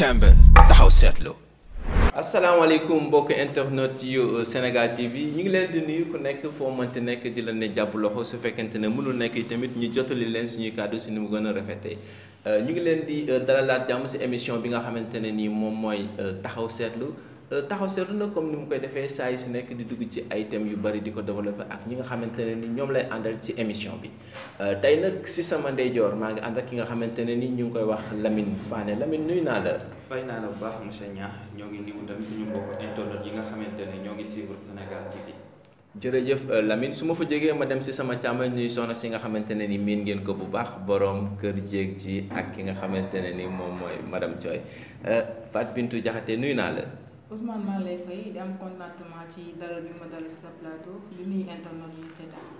Timber taxaw seetlu. asalaamaaleykum mbokk internet yu euh, Sénégal TV ñu ngi leen di nuyu ku nekk foo mënti nekk di la ne jàpp loxo su fekkente ne mënul nekk yi tamit ñu jotali leen suñuy kàddu si ni mu gën a rafetee euh, ñu ngi leen di euh, dalalaat jàmm si émission bi nga xamante ne nii moom mooy taxaw seetlu. taxaw seetlu na comme ni mu koy defee saa su nekk di dugg ci ay thèmes yu bari di ko développé ak ñi nga xamante ne ni ñoom lay àndal ci émission bi euh, tey nag si sama ndeyjoor maa ngi ànd ak ki nga xamante ne ni ñu ngi koy wax Lamine Fane Lamine nuyu naa la. fay naa la bu baax monsieur Niakh ñoo ngi nuyu tamit suñu mbokk internet yi nga xamante ne ñoo ngi suivre Sénégal TV. jërëjëf euh, Lamine su ma fa jógee ma dem si sama càmmoñ ñuy soxna si nga xamante ne ni miin ngeen ko bu baax borom kër jéeg ji ak ki nga xamante ne ni moom mooy madame Thioy euh, Fat Bintou Diakhaté nuyu naa la. Ousmane maa lay fay di am ci dalal bi ma dal sa plateau di nuyu internet yi seetaan.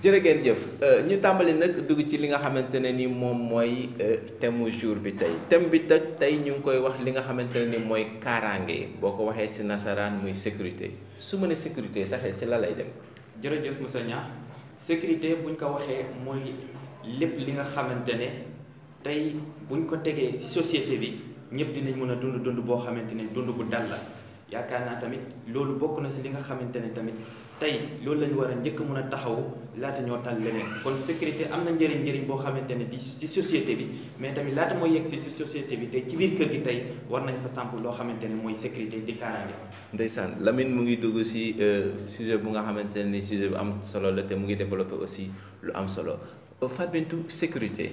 jërë jëf euh, ñu tàmbali nag dugg ci li nga xamante ne ni moom mooy euh, thème mu jour bi tey thème bi teg tey ñu ngi koy wax li nga xamante ne ni mooy kaaraange boo ko waxee si nasaraan muy sécurité su ma nee sécurité sax si la lay dem. jërëjëf Moussa Niang sécurité buñ ko waxee mooy lépp li nga xamante ne tey buñ ko tegee si société bi. ñëpp dinañ mën a dund dund boo xamante ne dund bu dal la yaakaar naa tamit loolu bokk na si li nga xamante ne tamit tey loolu lañu war a njëkk mën a taxaw laata ñoo tal leneen kon sécurité am na njëriñ njëriñ boo xamante ne di si société bi mais tamit laata mooy yegg si si société bi tey ci biir kër gi tey war nañ fa samp loo xamante ne mooy sécurité di kaaraange. ndeysaan lamin mu ngi dugg si euh, sujet bu nga xamante ne sujet bu am solo la te mu ngi développé aussi lu am solo euh, sécurité.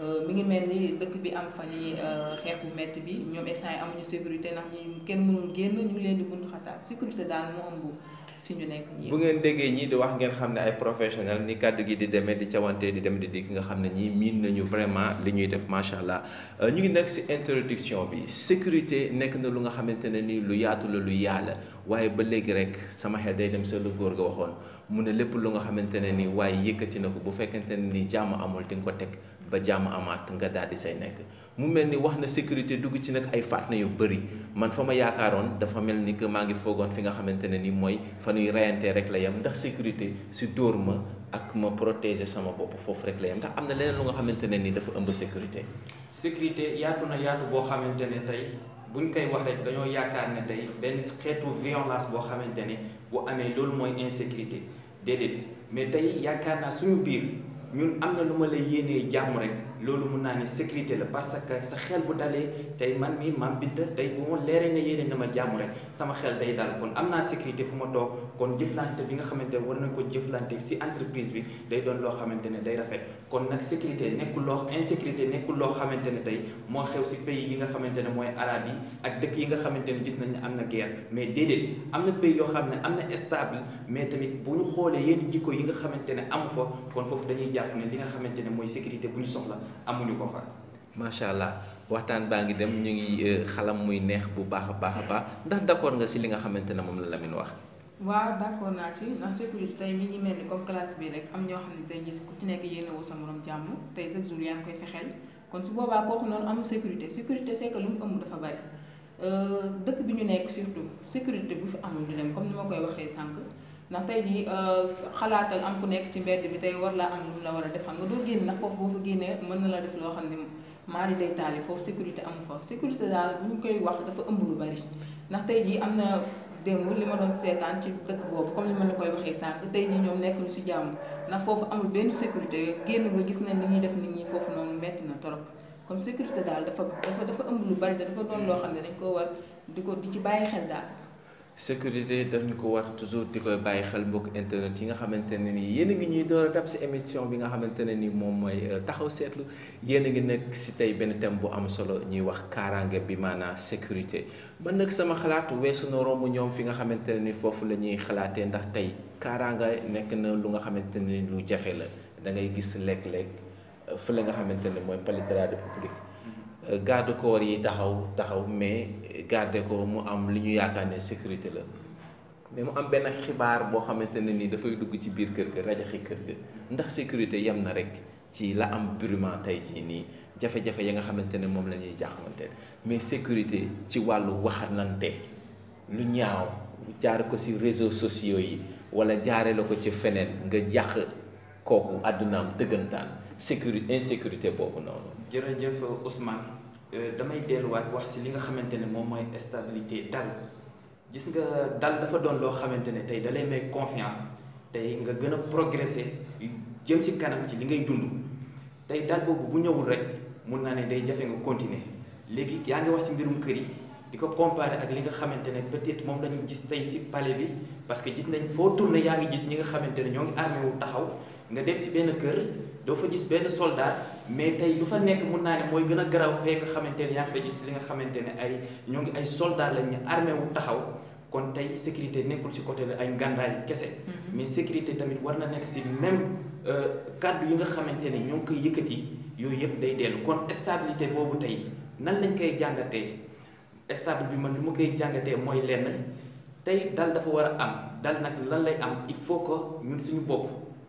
Euh, mi ngi mel ni dëkk bi am fa yi euh, xeex bu metti bi ñoom instant yi amuñu sécurité ndax ñi kenn mënul génn ngi leen di buntu nekk bu ngeen déggee ñii di wax ngeen xam ne ay professionnel ni kàddu gi di demee di cawantee di dem di dikk nga xam ne ñii miin nañu vraiment li ñuy def macha allah euh, ñu ngi nekk si introduction bi sécurité nekk na lu nga xamante ne nii lu yaatu la lu yàlla waaye ba léegi rek sama xel day dem sa lu góor ga waxoon mu ne lépp lu nga xamante ne nii waaye yëkkati na ko bu fekkente ne ni jàmm amul di ko teg ba jàmm amaat nga daal di say nekk mu mel ni wax na sécurité dugg ci nag ay fàttali yu bëri man fa ma yaakaaroon dafa mel ni que maa ngi foogoon fi nga xamante ne nii mooy fa ñuy reyantee rek la yem ndax sécurité si dóor ma ak ma protéger sama bopp foofu rek la ndax am na leneen lu nga xamante ne ni dafa ëmb sécurité. sécurité yaatu na yaatu boo xamante ne tey buñ koy wax rek dañoo yaakaar ne tey benn xeetu violence boo xamante ne boo amee loolu mooy insécurité ñun am na lu ma la yéenee jàmm rek lolu mën naa ne sécurité la parce que sa xel bu dalé tay man mi maam bidda tay bu mo léré ne yéene na ma jàmm rek sama xel day dal kon amna sécurité fuma tok kon jëflante bi nga xamante war nañ ko jëflante ci entreprise bi day doon lo xamante ne day rafet kon nak sécurité nekkul loo insécurité nekku lo xamante ne tay mo xew ci pays yi nga xamante ne moy arab yi ak dëkk yi nga xamante ne gis nañ ne am guerre mais dédé amna pays yo xam amna stable mais tamit bu ñu xolé yenn jikko yi nga xamante ne amu fa kon fofu dañuy jàpp ne li nga xamante ne moy sécurité bu ñu soxla amuñu ko fa. macha allah waxtaan baa ngi dem ñu ngi euh, xalam muy neex bu baax a baax a baax ndax d'accord nga si li nga xamante ne moom la Lamine wax. waaw d'accord naa ci ndax sécurité tey mi ngi mel ni comme classe bi rek am ñoo xam ne tey gis ku ci nekk yéene woo sa morom jàmm tey chaque jour yaa ngi koy fexeel kon su boobaa kooku noonu amul sécurité sécurité c'est que lu mu ëmb dafa bari euh, dëkk bi ñu nekk surtout sécurité bu fi amul du dem comme ni ma koy waxee sànq. ndax tey jii xalaatal am ku nekk ci mbedd bi tey war laa am lu mu la war a def xam nga doo génn nag foofu boo fa génnee mën na la def loo xam ne maari day taali foofu sécurité amu fa sécurité daal bu ñu koy wax dafa ëmb lu bari ndax tey jii am na démb li ma doon seetaan ci dëkk boobu comme ni ma la koy waxee sànq tey jii ñoom nekk ñu si jàmm ndax foofu amul benn sécurité génn nga gis nañ li ñuy def nit ñi foofu noonu metti na trop comme sécurité daal dafa dafa dafa ëmb lu bari te dafa doon loo xam ne dañ ko war di ko di ci bàyyi xel daal sécurité daf ko war toujours di koy bàyyi xel mbokk internet yi nga xamante ne nii yéen a ngi ñuy door a dab si émission bi nga xamante ne nii moom mooy euh, taxaw seetlu yéen a ngi nekk si tey benn thème bu am solo ñuy wax kaaraange bi maanaam sécurité man nag sama xalaat weesu na romb ñoom fi nga xamante ne nii foofu la ñuy xalaatee ndax tey kaaraanga nekk na lu nga xamante ne ni lu jafe la da ngay gis euh, lekk-lekk la nga xamante ne mooy palais de République garde corps yi taxaw taxaw mais garde ko mu am lu ñu yaakaar ne sécurité la mais mu am benn xibaar boo xamante ne ni dafay dugg ci biir kër ga rajaxi kër gi ndax sécurité yem na rek ci la am brûlement tey jii nii jafe-jafe ya nga xamante ne moom la ñuy jaaxlante mais sécurité ci wàllu waxanante lu ñaaw jaar ko si réseau sociaux yi wala jaare la ko ci feneen nga yàq kooku àddunaam dëggantaan sécurité insécurité boobu noonu. jërëjëf Ousmane euh damay delluwaat wax ci li nga xamante mom moy stabilité dal gis nga dal dafa don lo xamante tay dalay may confiance tay nga gëna progresser jëm ci kanam ci li ngay dund tay dal bobu bu ñewul rek mun naa né day jafé nga continuer légui ya nga wax ci mbirum kër yi. diko comparer ak li nga xamante peut-être mom lañu gis tay ci palais bi parce que gis nañ fo tourner ya nga gis ñi nga xamante ne ñoo ngi armé wu taxaw nga dem si benn kër doo fa gis benn soldat mais tey lu fa nekk mun naa ne mooy gën a garaaw fee nga xamante ne yaa ngi fay gis li nga xamante ne ay ñoo ngi ay soldat lañ ñu armé wu taxaw kon tey sécurité nekkul si côté ay ngàndaay kese. Mm-hmm. mais sécurité tamit war na nekk si même euh, kàddu yi nga xamante ne ñoo ngi koy yëkkati yooyu yëpp day dellu kon stabilité boobu tey nan lañ koy jàngatee stable bi man lu ma koy jàngatee mooy lenn tey dal dafa war a am dal nag lan lay am il faut que ñun suñu bopp.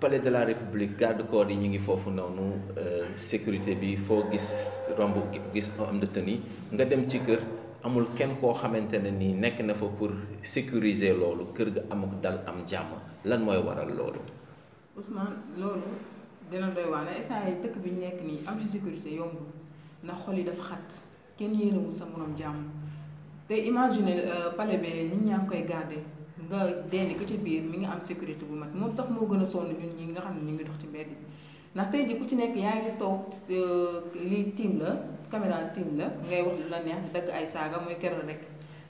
palais de la république garde corps yi ñu ngi foofu noonu euh, sécurité bi foo gis romb gis am de tenue nga dem ci kër amul kenn koo xamante ne nii nekk na fa pour sécuriser loolu kër ga am dal am jàmm lan mooy waral loolu. Ousmane loolu dina doy waar ne instant yi dëkk bi ñu nekk nii am fi sécurité yombul ndax xol yi dafa xat kenn yéenewul sa moroom jàmm te imagine euh, palais bi nit ñaa ngi koy garder. ba denn ka ca biir mi ngi am sécurité bu mat moom sax moo gën a sonn ñun ñi nga xam ne ñu ngi dox ci mbedd bi ndax tey jii ku ci nekk yaa ngi toog euh, lii tiim la caméra tiim la ngay wax lu la neex dëgg ay saaga mooy keroog rek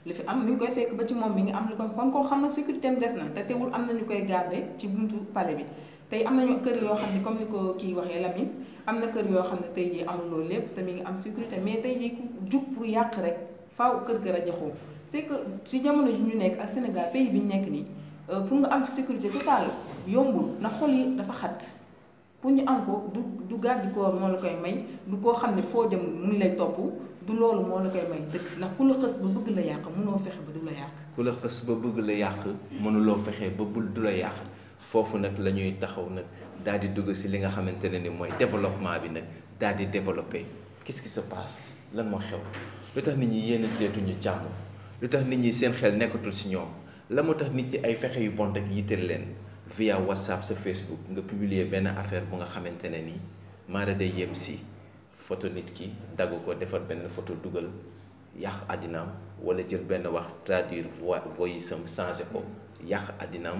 li fi am mi ngi koy ba ci moom mi ngi am lu ko kon xam nag sécurité des na te teewul na ñu koy garde ci buntu palais bi tey am nañu kër yoo xam ne comme ni ko kii waxee la Lamine am na kër yoo xam ne tey jii amuloo lépp te mi ngi am sécurité mais tey jii ku jug pour yàq rek faw kër ga joxoo c'est que ci jamono ji ñu nekk ak Sénégal pays bi nekk nii euh, pour nga am sécurité totale yombul ndax xol dafa xat pour ñu am ko du du garde corps moo la koy may du koo xam ne foo jëm mu ngi lay topp du loolu moo la koy may dëkk ndax ku la xës ba bëgg la yàq ba du yàq. ku la xës ba yàq mënuloo fexe ba bul du la yàq foofu nag la ñuy taxaw nag daal di dugg si li nga xamante ne ni mooy développement bi nag daal di développé qu'est-ce sa se passe lan moo xew lu tax nit ñi yéen teetuñu jàmm. lu tax nit ñi seen xel nekkatul si ñoom la moo tax nit ñi ay fexe yu bon rek yitteel leen via whatsapp sa facebook nga publier benn affaire bu nga xamante ne nii maara day yem si photo nit ki dagg ko defar benn photo dugal yàq àddinaam wala jël benn wax traduire voix voice am changé yàq àddinaam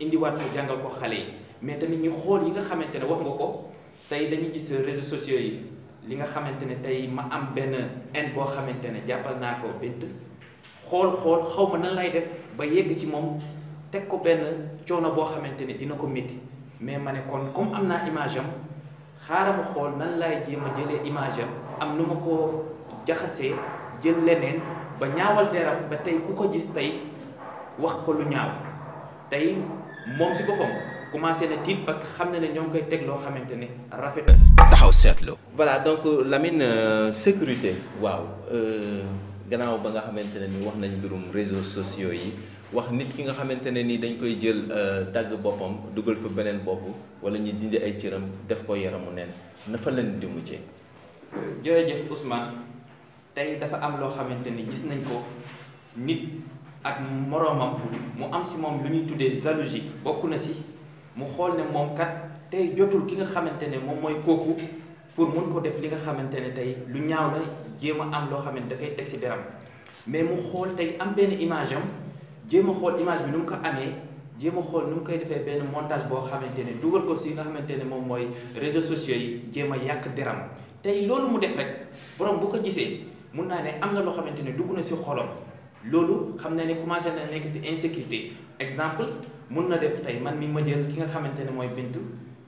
indiwaat ko jàngal ko xale yi mais tamit ñu xool yi nga xamante ne wax nga ko tey dañuy gis réseaux sociaux yi li nga xamante ne tey ma am benn haine boo xamante ne jàppal naa ko bint xool xool xaw ma nan lay def ba yegg ci moom teg ko benn coono boo xamante ne dina ko métti mais ma ne kon comme am naa image am xaaral ma xool nan laay jéem a jëlee image am am nu ma ko jaxasee jël leneen ba ñaawal deram ba tey ku ko gis tey wax ko lu ñaaw tey moom si boppam commencé na tiit parce que xam na ne ñoo ngi koy teg loo xamante ne rafet taxaw seetlu. voilà donc euh, Lamine euh, sécurité. waaw euh, gannaaw ba nga xamante ne ni wax nañ mbirum réseaux sociaux yi wax nit ki nga xamante ne ni dañ koy jël dagg boppam dugal fa beneen bopp wala ñu dindi ay cëram def ko yaramu neen na fa leen di mujjee. jërëjëf Ousmane tey dafa am loo xamante ni gis nañ ko nit. ak moroomam mu am si mom lu ñuy tuddee jalousie bokku na si mu xol né mom kat tay jotul ki nga xamante ne moom mooy kooku pour mun ko def li nga xamante tay lu ñaaw la jéem a am loo xam ne dafay teg si deram mais mu xol tay am benn image am jéem xol image bi nu ko amé jéem xol xool koy défé benn montage bo xamante ne dugal ko si nga xamante mom moy réseaux sociaux yi jéem yak yàq tay tey loolu mu def rek borom bu ko gisé mun na né am na lo xamante ne dugg na si xolam. loolu xam na ne commencé na nekk ci insécurité exemple mun na def tey man mi ma jël ki nga xamante ne mooy Bintu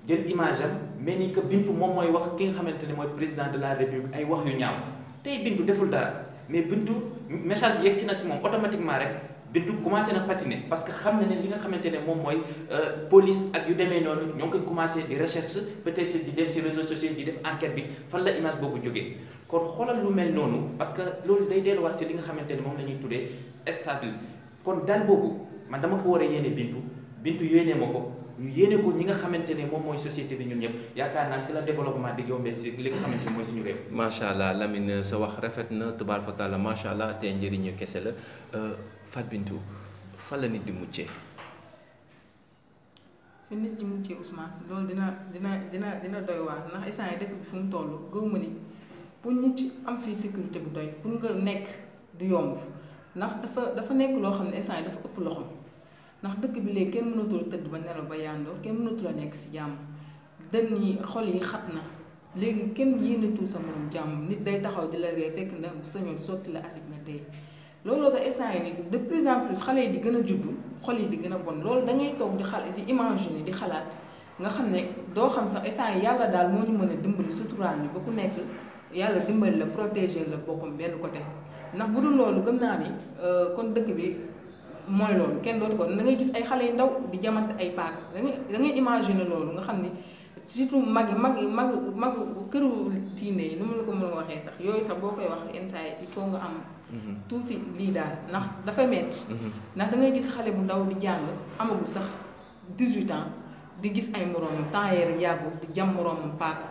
jël image am mais ni que Bintu moom mooy wax ki nga xamante ne mooy président de la république ay wax yu ñaaw tey Bintu deful dara mais Bintu message bi yegg si na si moom automatiquement rek. bintu commencé na patiner parce que xam na ne li nga xamante ne moom mooy euh, police ak yu demee noonu ñoo ngi koy commencé di recherche peut-être di dem ci réseaux sociaux di def enquête bi fan la image boobu jógee kon xoolal lu mel noonu parce que loolu day delluwaat si li nga xamante ne moom la ñuy tuddee stable kon daan boobu man dama ko war a yéene bintu bintu yéene ma ko ñu yéene ko ñi nga xamante ne moom mooy société bi ñun ñëpp yaakaar naa si la développement di yombee si li nga xamante ne mooy suñu réew. macha allah sa wax rafet na tubaar fa taala macha allah te njëriñu kese la. Euh, Fat Bintou fan la nit di muccee. fi nit di muccee Ousmane loolu dina dina dina dina doy waar ndax instant yi dëkk bi fu mu toll gëw ma ni pour nit am fii sécurité bu doy pour nga nekk di yomb ndax dafa dafa nekk loo xam ne instant yi dafa ëpp loxo ndax dëkk bi léegi kenn mënatul tëdd ba nelaw ba yàndoor kenn mënatul a nekk ci jàmm dënn yi xol yi xat na. léegi kenn yéenatul sa morom jàmm nit day taxaw di la ree fekk na bu sañoon sotti la asib nga tey looloo tax instant yi nii de plus en plus xale yi di gën a juddu xol yi di gën a bon loolu dañuy toog di xal di imaginer di xalaat nga xam ne doo xam sax instant yi yàlla daal moo ñu mën a dimbali suturaal ñu ba ku nekk yàlla dimbali la protéger la boppam benn côté ndax bu dul loolu gëm naa ni kon dëkk bi mooy loolu kenn dootu ko da ngay gis ay xale yu ndaw di jamante ay paaka da ngay da ngay imaginer loolu nga xam ni. surtout mag yi mag yi mag mag këru diine yi nu ma la ko mën a waxee sax yooyu sax boo koy wax yenn saa yi il faut nga am. Mhm. tuuti lii daal ndax dafa metti mhm. ndax da ngay gis xale bu ndaw di jàng amagul sax 18 ans di gis ay moroomam temps yéer yàggul di jam moroomam paaka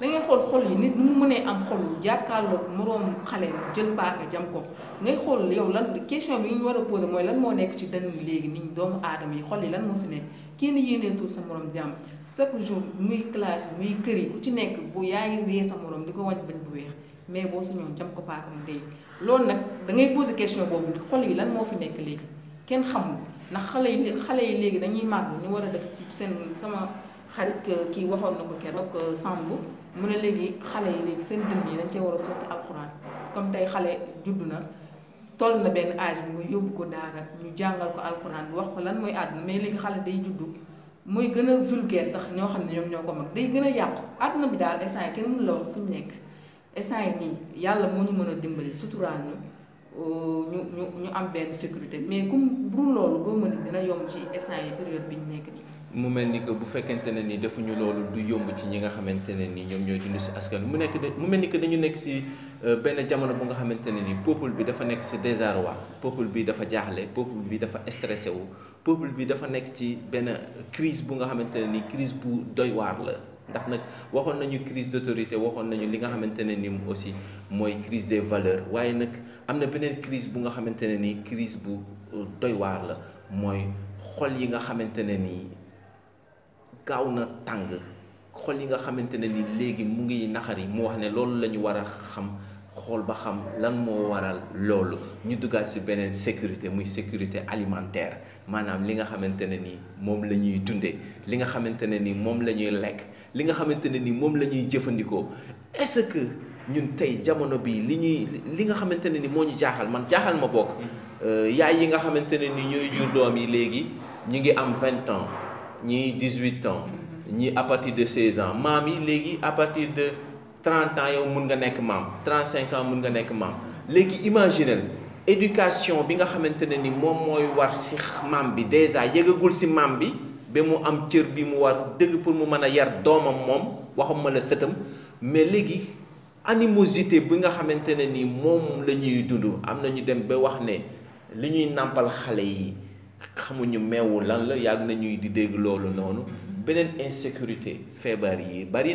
da ngay xool xol yi nit mu mun mënee am xol jàkkaarloog moroomu xale jël paaka jam ko ngay xool yow lan question bi ñu war a posé mooy lan moo nekk ci dënnu léegi nit ñi doomu aadama yi xol yi lan moo si nekk. kenn yéeneentul sa morom jàmm chaque jour muy classe muy kër yi ku ci nekk bu yaa ngi ree sa morom di ko wàññi bañ bu weex mais boo sañoon jam ko paakam day loolu nag dangay ngay question boobu xol yi lan moo fi nekk léegi kenn xamul ndax xale yi xale yi léegi dañuy màgg ñu war a def si seen sama xarit euh, kii waxoon na ko keroog euh, Samb mu ne léegi xale yi léegi seen dënn yi dañ cee war a sotti alxuraan comme tey xale judd na. toll na benn âge bi muy yóbbu ko daara ñu jàngal ko alxuraan bi wax ko lan mooy àdduna mais léegi xale day juddu mooy gën a vulgaire sax ñoo xam ne ñoom ñoo ko mag day gën a yàqu àdduna bi daal instant yi kenn mënu la wax yàlla moo ñu mën a dimbali suturaan ñu euh, ñu ñu ñu am benn sécurité mais comme bu loolu mën dina yomb ci instant yi bi ñu mu mel ni que bu fekkente ne ni defuñu loolu du yomb ci ñi nga xamante ne ni ñoom ñooy dund si askan mu nekk mu mel ni que dañu nekk si. Euh, benn jamono bu nga xamante ne nii peuple bi dafa nekk ci waa peuple bi dafa jaaxle peuple bi dafa stressé wu peuple bi dafa nekk ci benn crise bu nga xamante ne nii crise bu doy waar la ndax nag waxoon nañu crise d'autorité waxoon nañu li nga xamante ne ni aussi mooy crise des valeur waaye nag am na beneen crise bu nga xamante ne nii crise bu euh, doy la mooy xol yi nga xamante ne nii gaaw na tàng xol yi nga xamante ne ni léegi mu ngi naxari mu wax ne loolu la ñu war a xam xool ba xam lan moo waral loolu ñu duggaat si beneen sécurité muy sécurité alimentaire maanaam li nga xamante ne ni moom la ñuy dundee li nga xamante ne ni moom la ñuy lekk li nga xamante ne ni moom la ñuy jëfandikoo est-ce que ñun tey jamono bi li ñuy li nga xamante ne ni moo ñu jaaxal man jaaxal ma bokk mm-hmm. euh, yaay yi nga xamante ne ni ñooy jur doom yi léegi ñu ngi am vingt ans ñii dix-huit ans mm-hmm. ñi à partir de seize ans maam yi léegi à partir de 30 ans yow mun nga nekk maam 35 ans mun nga nekk maam léegi imaginel éducation bi nga xamante ne ni moom mooy war si maam bi déjà yëgagul si maam bi ba mu am cër bi mu war dëgg pour mu mën a yar doomam moom waxuma la sëtam mais léegi animosité bi nga xamante ne ni moom la ñuy dund am na ñu dem ba wax ne li ñuy nàmpal xale yi xamuñu meewu lan la yàgg ñuy di dégg loolu noonu beneen insécurité feebar yi bari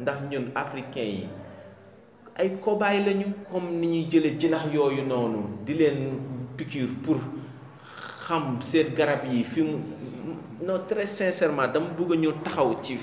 ndax ñun africain yi ay cobaye lañu comme ni ñuy jële jinax yooyu noonu di leen piqûre pour xam seet garab yi fi mu non très sincèrement dama bëgg a taxaw ci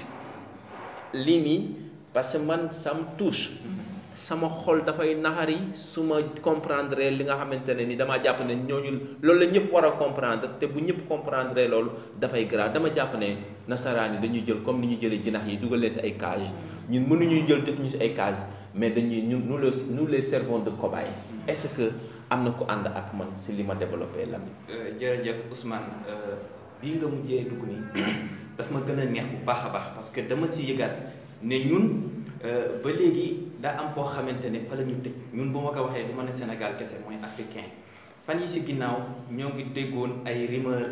lii nii parce que man sam me sama xol dafay naxari su ma comprendre li nga xamante ne ni damaa jàpp ne ñooñu loolu la ñëpp war a comprendre te bu ñëpp comprendre loolu dafay gras dama jàpp ne nasaraan yi dañuy jël comme ni ñuy jëlee jinax yi dugal leen si ay cage ñun mënuñuy jël def ñu si ay cage mais dañuy ñun nous les nous les servons de cobaye est-ce que am na ko ànd ak man si li ma développé lan. Euh, jërëjëf Ousmane euh, bii nga mujjee dugg nii daf ma gën a neex bu baax a baax parce que dama si yëgaat ne ñun. Euh, ba léegi daa am foo xamante ne fa la ñu ñun bu ma ko waxee du ma a Sénégal kese mooy africain fan yi si ginnaaw ñoo ngi déggoon ay rumeur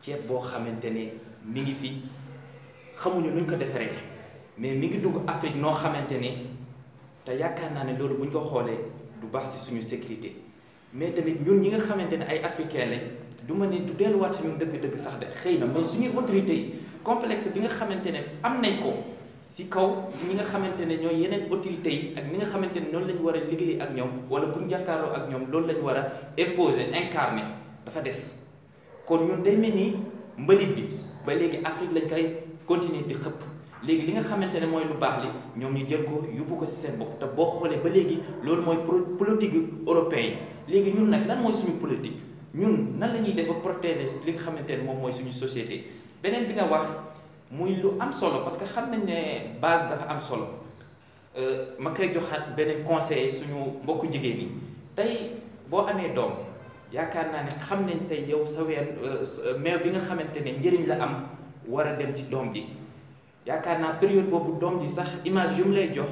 ceeb boo xamante ne mi ngi fi xamuñu nuñ ko defaree mais mi ngi dugg Afrique noo xamante ne te yaakaar naa ne loolu bu ñu ko xoolee du baax si suñu sécurité mais tamit ñun ñi nga xamante ne ay africain lañ du ma ne du delluwaat si ñun dëgg-dëgg sax de xëy na mais suñuy autorité yi complexe bi nga xamante ne am nañ ko. si kaw si ñi nga xamante ne ñooy yeneen autorités yi ak ñi nga xamante ne noonu lañu war a liggéey ak ñoom wala ku ñu ak ñoom loolu lañu war a imposer incarner dafa des kon ñun day mel ni bi ba léegi Afrique lañ koy continuer di xëpp léegi li nga xamante ne mooy lu baax li ñoom ñu jël ko yóbbu ko si seen bopp te boo xoolee ba léegi loolu mooy politique européen yi léegi ñun nag lan mooy suñu politique ñun nan la ñuy def ba protéger li ng xamante ne moom mooy suñu société beneen bi nga wax. muy lu am solo parce que xam nañ ne base dafa am solo euh, ma koy joxaat beneen conseil suñu mbokku jigéen ñi tey boo amee doom yaakaar naa ne xam nañ tey yow sa ween euh, meew bi nga xamante ne njëriñ la am war a dem ci doom bi yaakaar naa période boobu doom ji sax image yu mu lay jox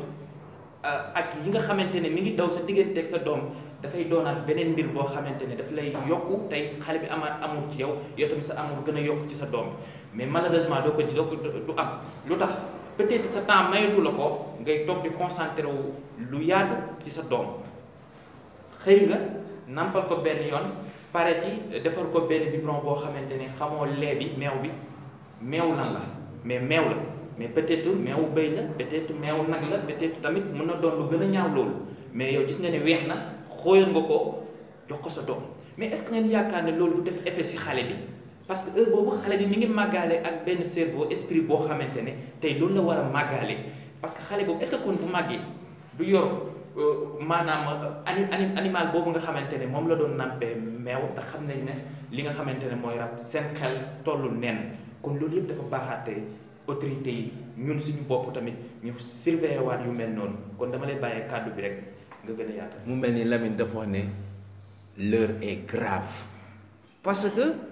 euh, ak yi nga xamante ne mi ngi daw sa digganteeg sa doom dafay doonaat beneen mbir boo xamante ne daf lay yokku tey xale bi amaat amul ci yow yow sa amul gën a yokk ci sa doom mais malheureusement il du peut-être sa temps mayatu lako ngay di concentré wu lu yadu ci sa dom xey nga nampal ko que paré ci défar ko ben biberon bo ne bi lan la mais mais peut-être meew bëy peut-être meew nag la peut-être tamit mën na lu gëna mais yow gis nga ne na nga ko jox ko sa mais est-ce que ngeen yaakaar ne loolu du def effet bi parce que heure boobu xale bi mi ngi màggaale ak benn cerveau esprit boo xamante ne tey loolu la war a màggaale parce que xale boobu est-ce que kon bu màggee du yor euh, maanaam euh, ani boobu nga xamante ne moom la doon nampee meew te xam nañ ne li nga xamante ne mooy rab seen xel tollu kon loolu yëpp dafa baaxaatee autorité yi ñun suñu bopp tamit ñu surveiller waat yu mel noonu kon dama lay bàyyee kàddu bi rek nga gën a yaatal. mu mel ni Lamine dafa wax ne l'heure parce que.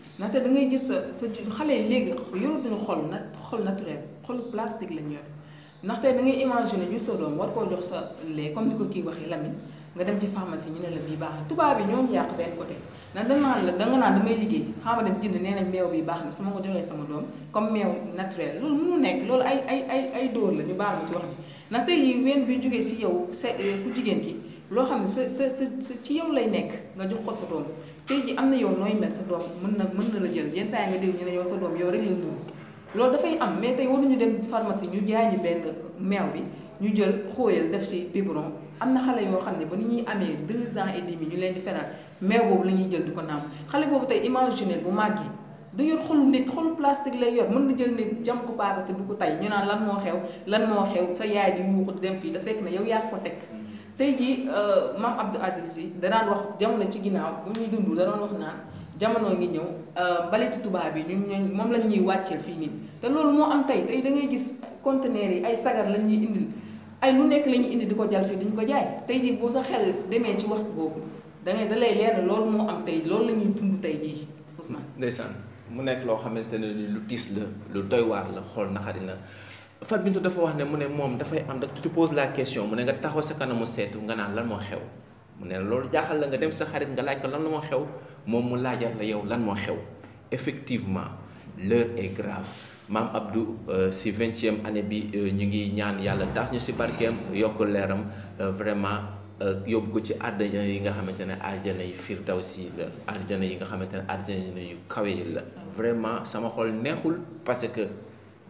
ndaxte da ngay gis sa sa xale yi léegi yoratuñu xol na xol naturel xol plastique lañ yor ndaxte da ngay imaginer ñu sa doom war koo jox sa lait comme ni ko kii waxee Lamine nga dem ci pharmacie ñu ne la bii baax na tubaab yi ñoo yàq benn côté ndax da naan la da nga naan damay liggéey xam nga dem jënd nee nañ meew bi baax na su ma ko joxee sama doom comme meew naturel loolu mënu nekk loolu ay ay ay ay dóor la ñu baal ma ci wax ji ndax tey yi ween bi jógee si yow sa ku jigéen ki loo xam ne sa sa ci yow lay nekk nga jox ko sa doom tey ji am na yow nooy mel sa doom mën na mën na la jël yenn saa yi nga dégg ñu ne yow sa doom yow rek la nduru loolu dafay am mais tey waruñu dem pharmacie ñu jaay ñu benn meew bi ñu jël xóoyal def ci biberon am na xale yoo xam ne ba ni ñuy amee deux ans et demi ñu leen di feral meew boobu la ñuy jël di ko naan xale boobu tey imaginer bu màggee du yor xolu nit xolu plastique lay yor mën na jël nit jam ko paaka te du ko tay ñu naan lan moo xew lan moo xew sa yaay di yuuxu dem fii da fekk na yow yaa ko teg tey jii euh, maam Abdou Aziz Sy danaan wax jamono ci ginnaaw bu ñuy dund danaan wax naa jamono ngi ñëw euh, mbalitu tubaab yi ñu ñooñu moom lañ ñuy wàcceel fii nii te loolu moo am tey tey da ngay gis conteneur yi ay sagar lañ ñuy indil ay lu nekk la ñuy indi di ko jal fii duñ ko jaay tey jii boo sa xel demee ci wax boobu da ngay da lay leer loolu moo am tey loolu la ñuy dund tey jii Ousmane. ndeysaan mu nekk loo xamante ne lu tiis la lu doy waar la xool naxari na. Fat dafa wax ne tu poses la question mu nga taxaw sa kanamu seetu nga naan lan moo xew mu ne la nga dem sa xarit nga ko lan xew la effectivement l'heure est grave maam Abdou euh, si vingtième année bi euh, ñu ngi ñaan yàlla tax ñu si barkeem yokk leeram euh, vraiment yóbbu ko ci àddina yi nga xamante ne yi la yi nga ne yu kawe la vraiment sama xol neexul parce que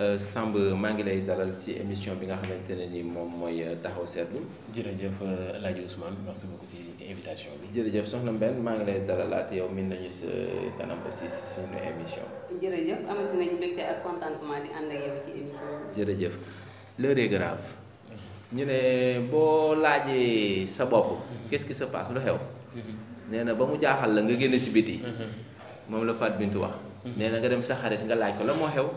Euh, Samb maa ngi lay dalal ci émission bi nga xamante ne nii moom mooy euh, taxaw seetlu. jërëjëf euh, El Hadj Ousmane merci beaucoup ci invitation jërëjëf soxna Mbène maa ngi lay dalalaat yow min nañu sa kanam ci suñu émission. jërëjëf amati nañu mbégte ak contentement di ànd ak yow ci émission bi. jërëjëf l'heure est grave. ñu ne boo laajee sa bopp. Mhm. qu'est-ce qui se passe lu xew. Mhm. nee na ba mu jaaxal la nga génn ci biti. Mhm. moom la Fatou Bintou wax. nee na nga dem sa xarit nga laaj ko la moo xew.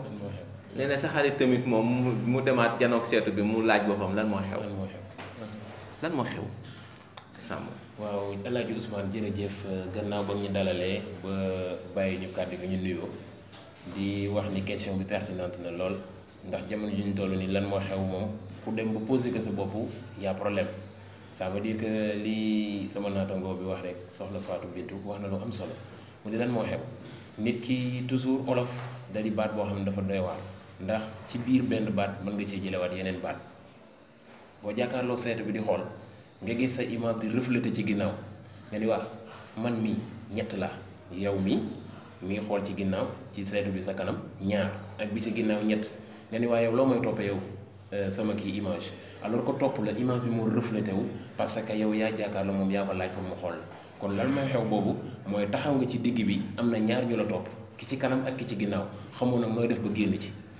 nee na sa xarit tamit moom mu demaat janoog seetu bi mu laaj boppam lan Wow, xew. lan moo xew lan moo xew sàmm. waaw El Hadj gannaaw ba ñu dalalee ba ñu ñu di wax ni question bi pertinente na lol. ndax jamono ju ñu toll nii lan moo xew moom ku dem ba posé ko sa bopp y' problème ça veut dire que lii sama naatangoo bi wax rek soxna Fatou Bintou wax na lu am solo mu ne lan moo xew nit ki toujours olof baat dafa doy ndax ci biir benn baat mën nga cee jëlewaat yeneen baat boo jàkkaarloog seetu bi di xool nga gis sa image di reflété ci ginnaaw nga ni wax man mii ñett la yow mii mi ngi xool ci ginnaaw ci seetu bi sa kanam ñaar ak bi ci ginnaaw ñett nga ni waa yow loo may toppee yow euh, sama kii image alors ko topp la image bi moo reflété wu parce que yow yaa jàkkaarloo moom yaa ko laaj pour mu xool kon lan mooy xew boobu mooy taxaw nga ci digg bi am na ñaar ñu la top ki ci kanam ak ki ci ginnaaw xamoon na mooy def ba génn ci.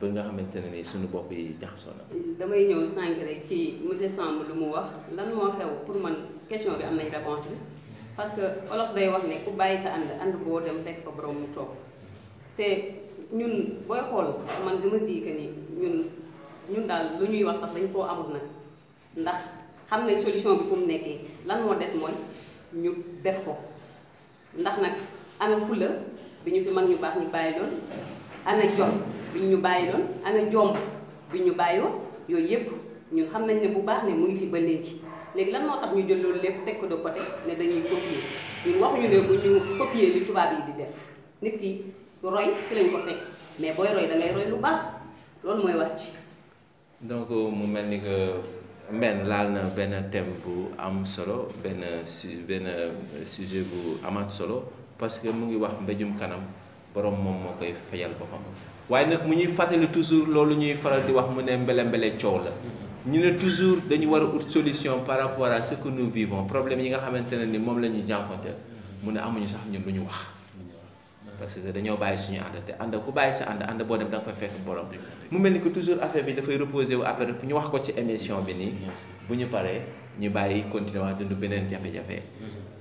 ba nga xamante ne ni suñu bopp yi jaxasoo na. damay ñëw sànq rek ci monsieur Samb lu mu wax lan moo xew pour man question bi am nañ réponse bi parce que olof day wax ne ku bàyyi sa ànd ànd boo dem fekk fa borom mu toog te ñun booy xool man je me dis ni ñun ñun daal lu ñuy wax sax dañ koo amut nag ndax xam nañ solution bi fu mu nekkee lan moo des mooy ñu def ko ndax nag ana fulla bi ñu fi mag ñu baax ñu bàyyi doon ana jot bi ñu bàyyi doon ana jomb bi ñu bàyyoon yooyu yëpp ñu xam nañ ne bu baax ne mu ngi fi ba léegi léegi lan moo tax ñu jël loolu lépp teg ko de côté ne dañuy copier ñun waxuñu ne bu ñu copier li tubaab yi di def nit ki roy fi lañ ko fekk mais booy roy da roy lu baax loolu mooy wax ci donc mu mel ni que mbenn laal na benn thème bu am solo benn su benn sujet bu amaat solo parce que mu ngi wax mbéjum kanam borom moom moo koy fayal boppam waaye nag mu ñuy fàttali toujours loolu ñuy faral di wax mu ne mbele mbele coow la ñu ne toujours dañu war a ut solution par rapport à ce que nous vivons problème yi nga xamante ne nii moom la ñuy jànkonteel mu ne amuñu sax ñun lu ñu wax parce que dañoo bàyyi suñu ànd te ànd ku bàyyi sa ànd ànd boo dem da nga fay fekk borom mu mel ni que toujours affaire bi dafay reposer wu après ñu wax ko ci émission bi nii bu ñu paree ñu bàyyi continuer wax dund beneen jafe-jafe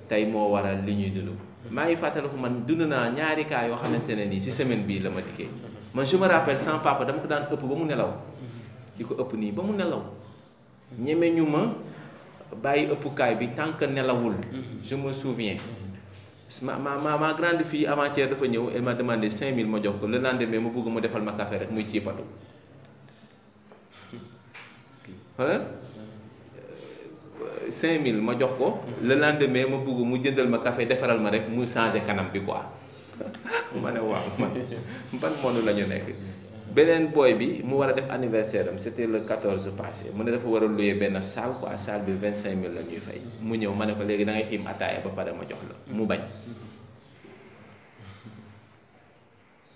tey moo waral li ñuy dund mm-hmm. maa ngi fàttaliku man dund naa ñaari cas yoo xamante ne nii si semaine bii la ma dikkee je me rappelle sans papa dama ko daan ëpp ba mu nelaw suis mu nelaw mhm. je me souviens ma ma ma grande fille avant-hier elle m'a demandé 5000 000. le lendemain je dit faire ma café rek muy suis pas. 5000 je le lendemain ma bëgg mu faire ma café defaral moi rek muy ma ne waaw man ban monde la ñu nekk beneen booy bi mu war a def anniversaire am c'était le 14 passé mu ne dafa war a louer benn salle quoi salle bi 25000 la ñuy fay mu ñëw ma ne ko léegi dangay ngay xiim ataaya ba pare ma jox la mu bañ.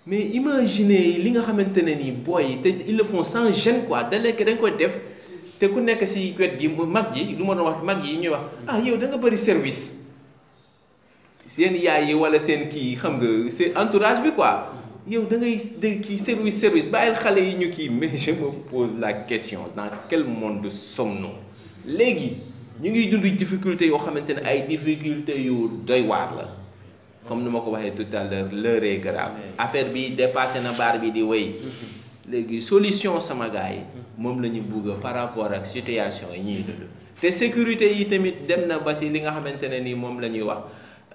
mais imaginez li nga xamante ne nii booy yi te ils le font sans gêne quoi da lekk dañ koy def te ku nekk si wet gi mag yi lu ma doon wax mag yi ñuy wax ah yow da nga bëri service. seen yaay yi wala xam nga entourage bi quoi yow da service service mais je me pose la question dans quel monde sommes-nous léegi ñu ngi dund difficulté yoo xamante ay la comme ni ko tout à l'heure l'heure est grave affaire bi dépassé na baar bi di mm-hmm. solution sama gars yi moom la ñu par rapport ak situation yi sécurité yi tamit dem ba li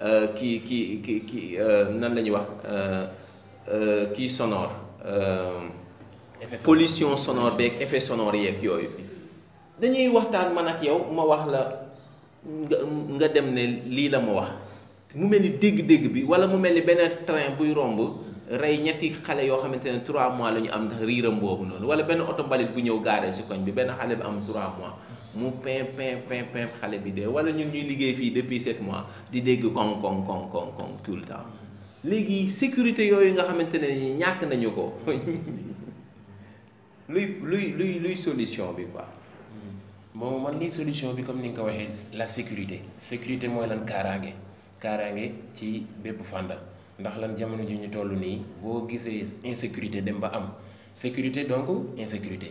Euh, euh, euh, kii kii kii kii nan la ñuy wax kii sonore. pollution sonore beeg effet sonore yeeg yooyu. dañuy waxtaan man ak yow ma wax la nga dem ne lii la ma wax mu mel ni dégg-dégg bi wala mu mel ni benn train buy romb rey ñetti xale yoo xamante ne trois mois la ñu am ndax riiram boobu noonu wala benn oto balit bu ñëw gaaree si koñ bi benn xale bi am 3 mois. mu pimp pimp pimp pimp xale bi dee wala ñun ñuy liggéey fii depuis sept mois di dégg kong kong kong kong kong tout le temps léegi sécurité yooyu nga xamante ne ñàkk nañu ko luy luy luy luy solution bi quoi. Hmm. bon man lii solution bi comme ni nga ko waxee la sécurité sécurité mooy lan kaaraange kaaraange ci bépp fànda ndax lan jamono ji ñu toll nii boo gisee insécurité dem ba am sécurité donc insécurité.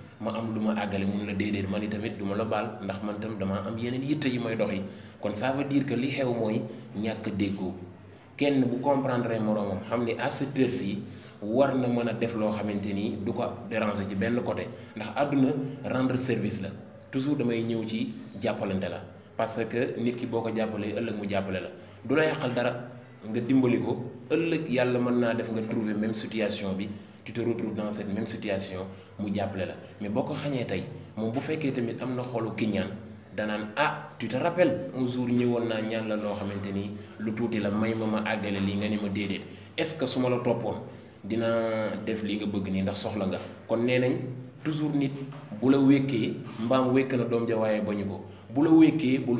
ma am lu ma àggale mun la déedéet man itamit du ma la baal ndax man tam damaa am yeneen yitte yi may dox doxi kon ça veut dire que li xew mooy ñàkk déggoo kenn bu comprendre moroomam xam ni à cette heure-ci war na mën a def loo xamante ni du ko déranger ci benn côté ndax àdduna rendre service la toujours damay ñëw ci jàppalante la parce que nit ki boo ko jàppalee ëllëg mu jàppale la du la yàqal dara nga dimbali ko ëllëg yàlla mën naa def nga trouver même situation bi tu te retrouves dans cette même situation mu la mais tu tu tay tu bu féké tamit amna ah, tu te rappelles un jour ñewon na ñaan la xamanteni lu la may ma ma nga ni ma est-ce que tu la toppoon tu def li nga bëgg ndax soxla nga kon toujours nit bu la wéké mbam na ja wayé bu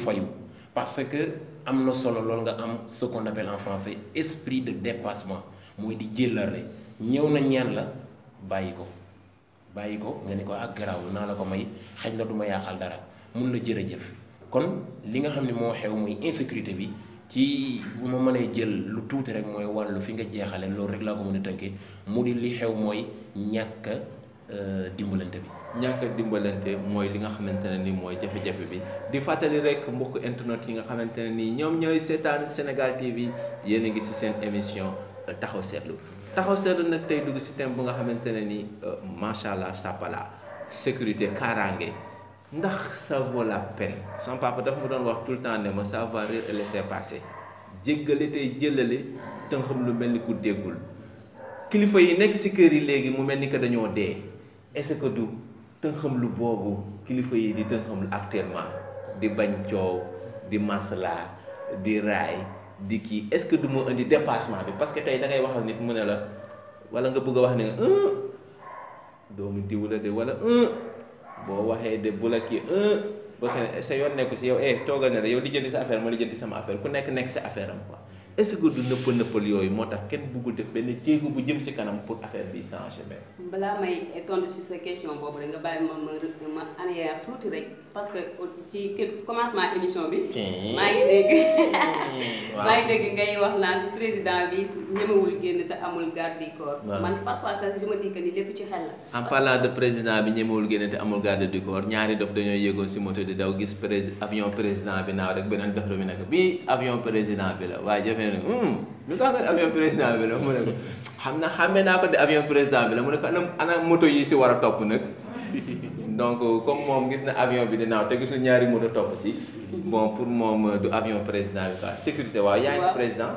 parce que tu ce qu'on appelle en français esprit de dépassement di ñëw na ñaan la bàyyi ko bàyyi ko nga ni ko ak ah, garaaw naa la ko may xëy na du ma yaaxal dara mun la jëf kon li nga xam ne moo xew muy insécurité bi ci bu ma mënee jël lu tuuti rek mooy wàllu fi nga jeexale loolu rek laa ko mën a tënkee mu di li xew mooy ñàkk euh, dimbalante bi. ñàkk dimbalante mooy li nga xamante ne ni mooy jafe-jafe bi di fàttali rek mbokk internet yi nga xamante ne ni ñoom ñooy seetaan Sénégal TV yéen a ngi ci seen émission taxaw seetlu. taxaw sedd nag tey dugg système bu nga xamante ne ni euh, macha allah sapala sécurité kaaraange ndax ça vaut la peine sama papa daf doon wax tout le temps ne ma ça va rire et laisser jéggale tey jëlale te nga lu mel ni ku déggul kilifa yi nekk ci kër yi léegi mu mel ni que dañoo dee est-ce que lu boobu kilifa yi di tënxam lu actuellement di bañ coow di masla di raay di kii est-ce que du mu indi dépassement bi parce que tey da ngay wax nit mu ne la wala nga bëgg a wax ne un doomu diw de wala un boo waxee de bu la kii un ba xëy na sa yoon nekku si yow eh toogal na la yow lijjanti sa affaire ma lijjanti sama affaire ku nekk nekk sa affaire am quoi. est-ce que du nëppal nëppal yooyu moo tax kenn bëggul def benn jéego bu jëm si kanam pour affaire bi changer même. balaa may tontu si sa question boobu rek nga bàyyi ma ma ma arrière tuuti rek parce que ci commencement émission bi. maa ngi dégg maa ngi dégg ngay wax naan président bi ñemewul génn te amul garde du corps. man parfois sax je me dis que lépp ci xel la. en parlant de président bi ñemewul génn te amul garde du corps ñaari dof dañoo yéegoon si moto di daw gis prés avion président bi naaw rek affaire hum lu tax nga avion président bi la mu ne xam na xàmmee naa ko de avion président bi la mu ne ana ana moto yi donc comme gis na avion bi dinaaw te gisul ñaari moto topp si bon pour moom du avion président bi quoi sécurité waaw yaa ngi président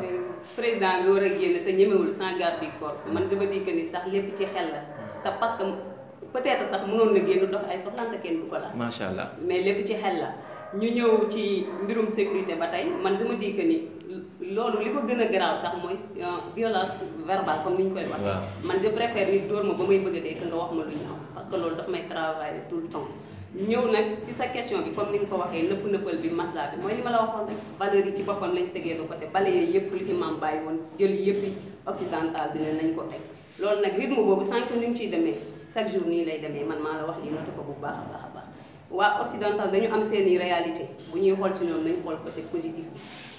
président bi war te sans garde corps man ni sax ci xel la parce que peut-être sax na dox ay kenn ko la allah mais lépp ci xel la ñu ñëw ci mbirum sécurité man ni loolu li ko gën a garaaw sax mooy euh, violence verbale comme ni ñu koy wax man je préfère nit dóor ma ba may bëgg a dee nga wax ma lu ñaaw parce que loolu daf may travailler tout le temps ñëw nag ci sa question bi comme waxee nëpp nëppal bi masla bi mooy li ma la waxoon rek valeurs yi ci boppam lañ tegee de côté balaye yëpp li fi maam bi ne lañ ko teg loolu nag rythme boobu sànq ni mu ciy demee chaque jour nii lay demee man maa la wax lii noté ko bu baax a baax a baax dañu am seen i réalité bu ñuy xool si ñoom nañ xool côté positif bi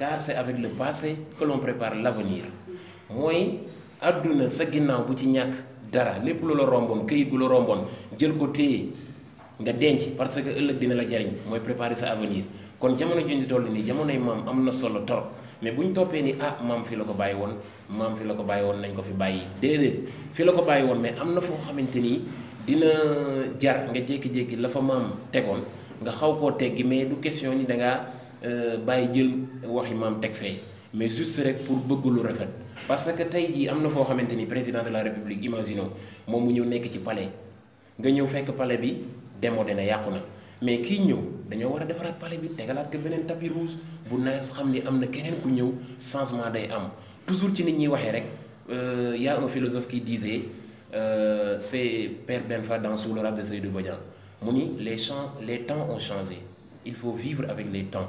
car c'est avec le passé que l'on prépare l'avenir mooy aduna sa ginnaw bu ci ñak dara lepp lu la rombon këyit gu la rombon jël ko téye nga denc parce que ëllëg dina la jariñ moy préparer sa avenir kon jamono ju toll ni jamono maam am na solo torop mais buñ topé ni ah mam fi la ko bàyyi woon maam fi la ko bàyyi woon nañ ko fi bàyyi dédé fi la ko mais amna fo xamanteni dina jar nga jéki jékki la fa mam tegoon nga xaw ko teggi mais du question ni nga euh, bàyyi jël waxi maam tek fe mais juste rek pour bëgg lu rafet parce que tey jii am na foo président de la république imaginons moom mu ñëw nekk ci palais nga ñëw fekk palais bi démo na yaquna mais ki ñëw dañu wara a palais bi tégalat ke benen tapis rouge bu nees xamni amna am keneen ku ñëw changement day am toujours ci nit ñi waxé rek euh, y a un philosophe qui disait euh, c'est Père Benfa dans Sous le l'orage de Seydou Bodian muni les champs les temps ont changé il faut vivre avec les temps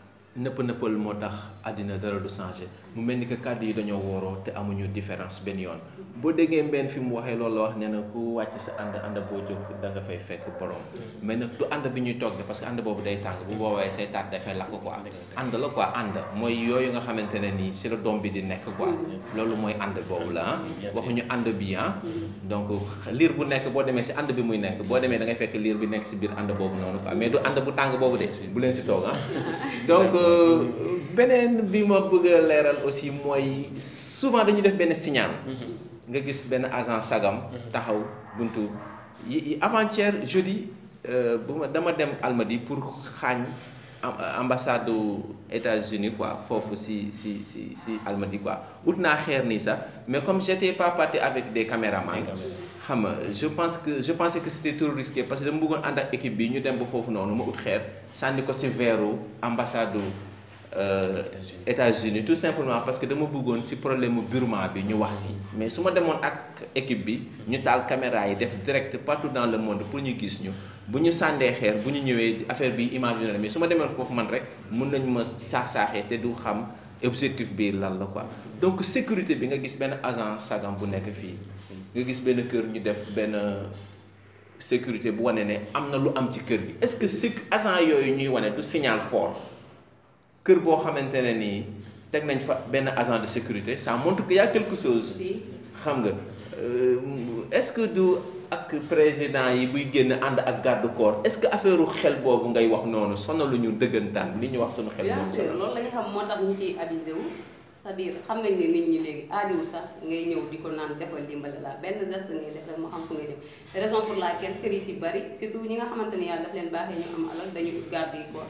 nëpp nëppal moo tax àddina dara du changé mu mel ni que yi te amuñu différence benn yoon boo déggee mbenn fi mu waxee loolu la wax nee na ku wàcc sa ànd ànd boo jóg da nga fay fekk borom mais nag du ànd bi ñuy toog parce que ànd boobu day tàng bu boobaa say taat dafay lakk quoi ànd la quoi ànd mooy yooyu nga xamante ne nii la doom bi di nekk quoi loolu moy ànd boobu la ah waxuñu ànd bi ah donc liir bu nekk bo demee si ànd bi muy nekk bo demee da ngay fekk liir bi nekk si bir ànd boobu noonu quoi mais du ànd bu tàng boobu de bu leen si toga, ah donc benen bi ma bëgg a leeral aussi mooy souvent dañuy def benn signal. Mhm. nga gis agent sagam. Mhm. taxaw buntu yi avant-hier jeudi euh, bu dama dem Almadi pour Euh, ambassade des États-Unis quoi foofu si si si si Almadi quoi ut naa xeer nii ça mais comme j'étais pas parti avec des caméramans je pense que je pensais que c'était trop risqué parce que dama bëggoon ànd équipe bi ñu dem ba foofu noonu ma ut xeer sànni ko si veeru ambassade euh, États-Unis tout simplement parce que dama bëggoon ci problème mu Burma bi ñu wax ci mais su ma demoon ak équipe bi ñu taal caméra yi def direct partout dans le monde pour ñu guider. ñu bu ñu sàndee xeer bu ñu ñëwee affaire bi image mais su ma demee foofu man rek mën nañ ma saax saaxee te du xam objectif bi lan la quoi donc sécurité bi nga gis ben agent sagam bu nek fi nga gis ben kër ñu def ben sécurité bu wane ne amna lu am ci kër bi est-ce que agent yooyu ñuy wane du signal fort kër boo xamante ne nii teg nañ fa benn agent de sécurité ça montre que y a quelque chose. xam nga euh, est-ce que du ak président yi buy génn ànd ak garde corps est-ce que affaire xel boobu ngay wax noonu sonalu ñu dëggantaan li ñu wax sunu xel. moom sonal loolu la ñu xam moo tax ñu ciy avisé wu cest dire xam nañ ne nit ñi léegi aadiwul sax ngay ñëw di ko naan defal dimbali la benn geste ngay def rek mu xam fu ngay dem raison pour laquelle kër yi ci bari surtout ñi nga xamante ni yàlla daf leen baaxee ñu am alal dañu garde corps.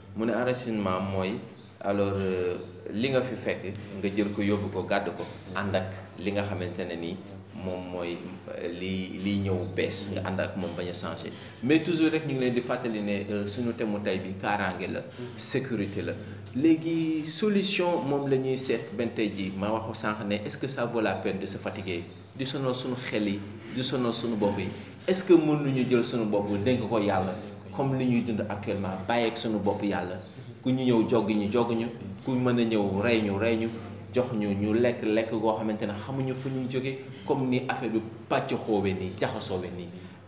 mu ne enracinement mooy alors euh, li nga fi fekk nga jël ko yóbbu ko gàdd ko ànd ak li nga xamante ne nii moom mooy euh, li liy ñëw bees nga ànd ak moom bañ a changé mais toujours rek ñu ngi leen di fàttali ne euh, suñu temu tey bi kaaraange la sécurité la léegi solution moom la ñuy seet benn tey ji ma waxu sànq ne est-ce que ça vaut la peine de se fatiguer di sonal suñu xel yi di sonal suñu bopp yi est-ce que mën nañu jël suñu bopp dénk ko yàlla comme li ñuy dund actuellement nous suñu bopp yalla ku ñu ñew Nous ñu fait ñu ku mëna ñew ray ñu ray ñu jox ñu ñu lek lek go xamuñu fu ñuy joggé comme ni affaire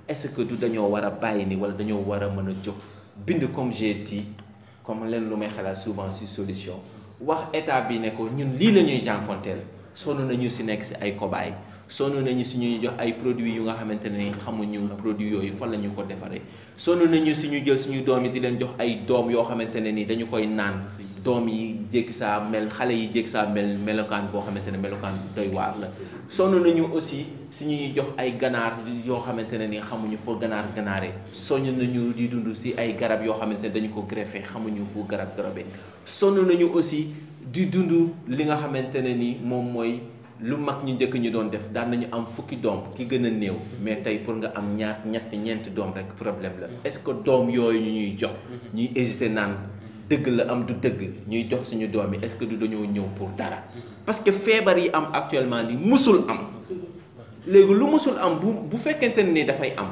est-ce que du dañoo wara baye ni, wala dañoo wara bind comme j'ai dit comme lu souvent ci solution wax état bi ko ñun la ñuy jànkonteel sonn nañu si sonn nañu si ñuy jox ay produits yu nga xamante ne xamuñu produit yooyu fan la ko defaree sonn nañu si ñu jël suñu di leen jox ay doom yoo xamante ne ni dañu koy naan doom yi jékki saa mel xale yi jékki saa mel melokaan boo xamante ne melokaan doy waar la sonn nañu aussi si jox ay ganaar yoo xamante ne ni xamuñu foo ganaar ganaare soñu nañu di dund si ay garab yoo xamante ne dañu ko greffé xamuñu fu garab garabee sonn nañu aussi di dund li nga xamante ne ni moom mooy lu mag ñu jëk ñu doon def daan nañu am fukki doom ki mais problème la est-ce que doom yooyu ñuy jox ñuy hésité naan dëgg la am du dëgg ñuy est-ce que du pour dara parce que am actuellement li musul am léegi lu musul am bu am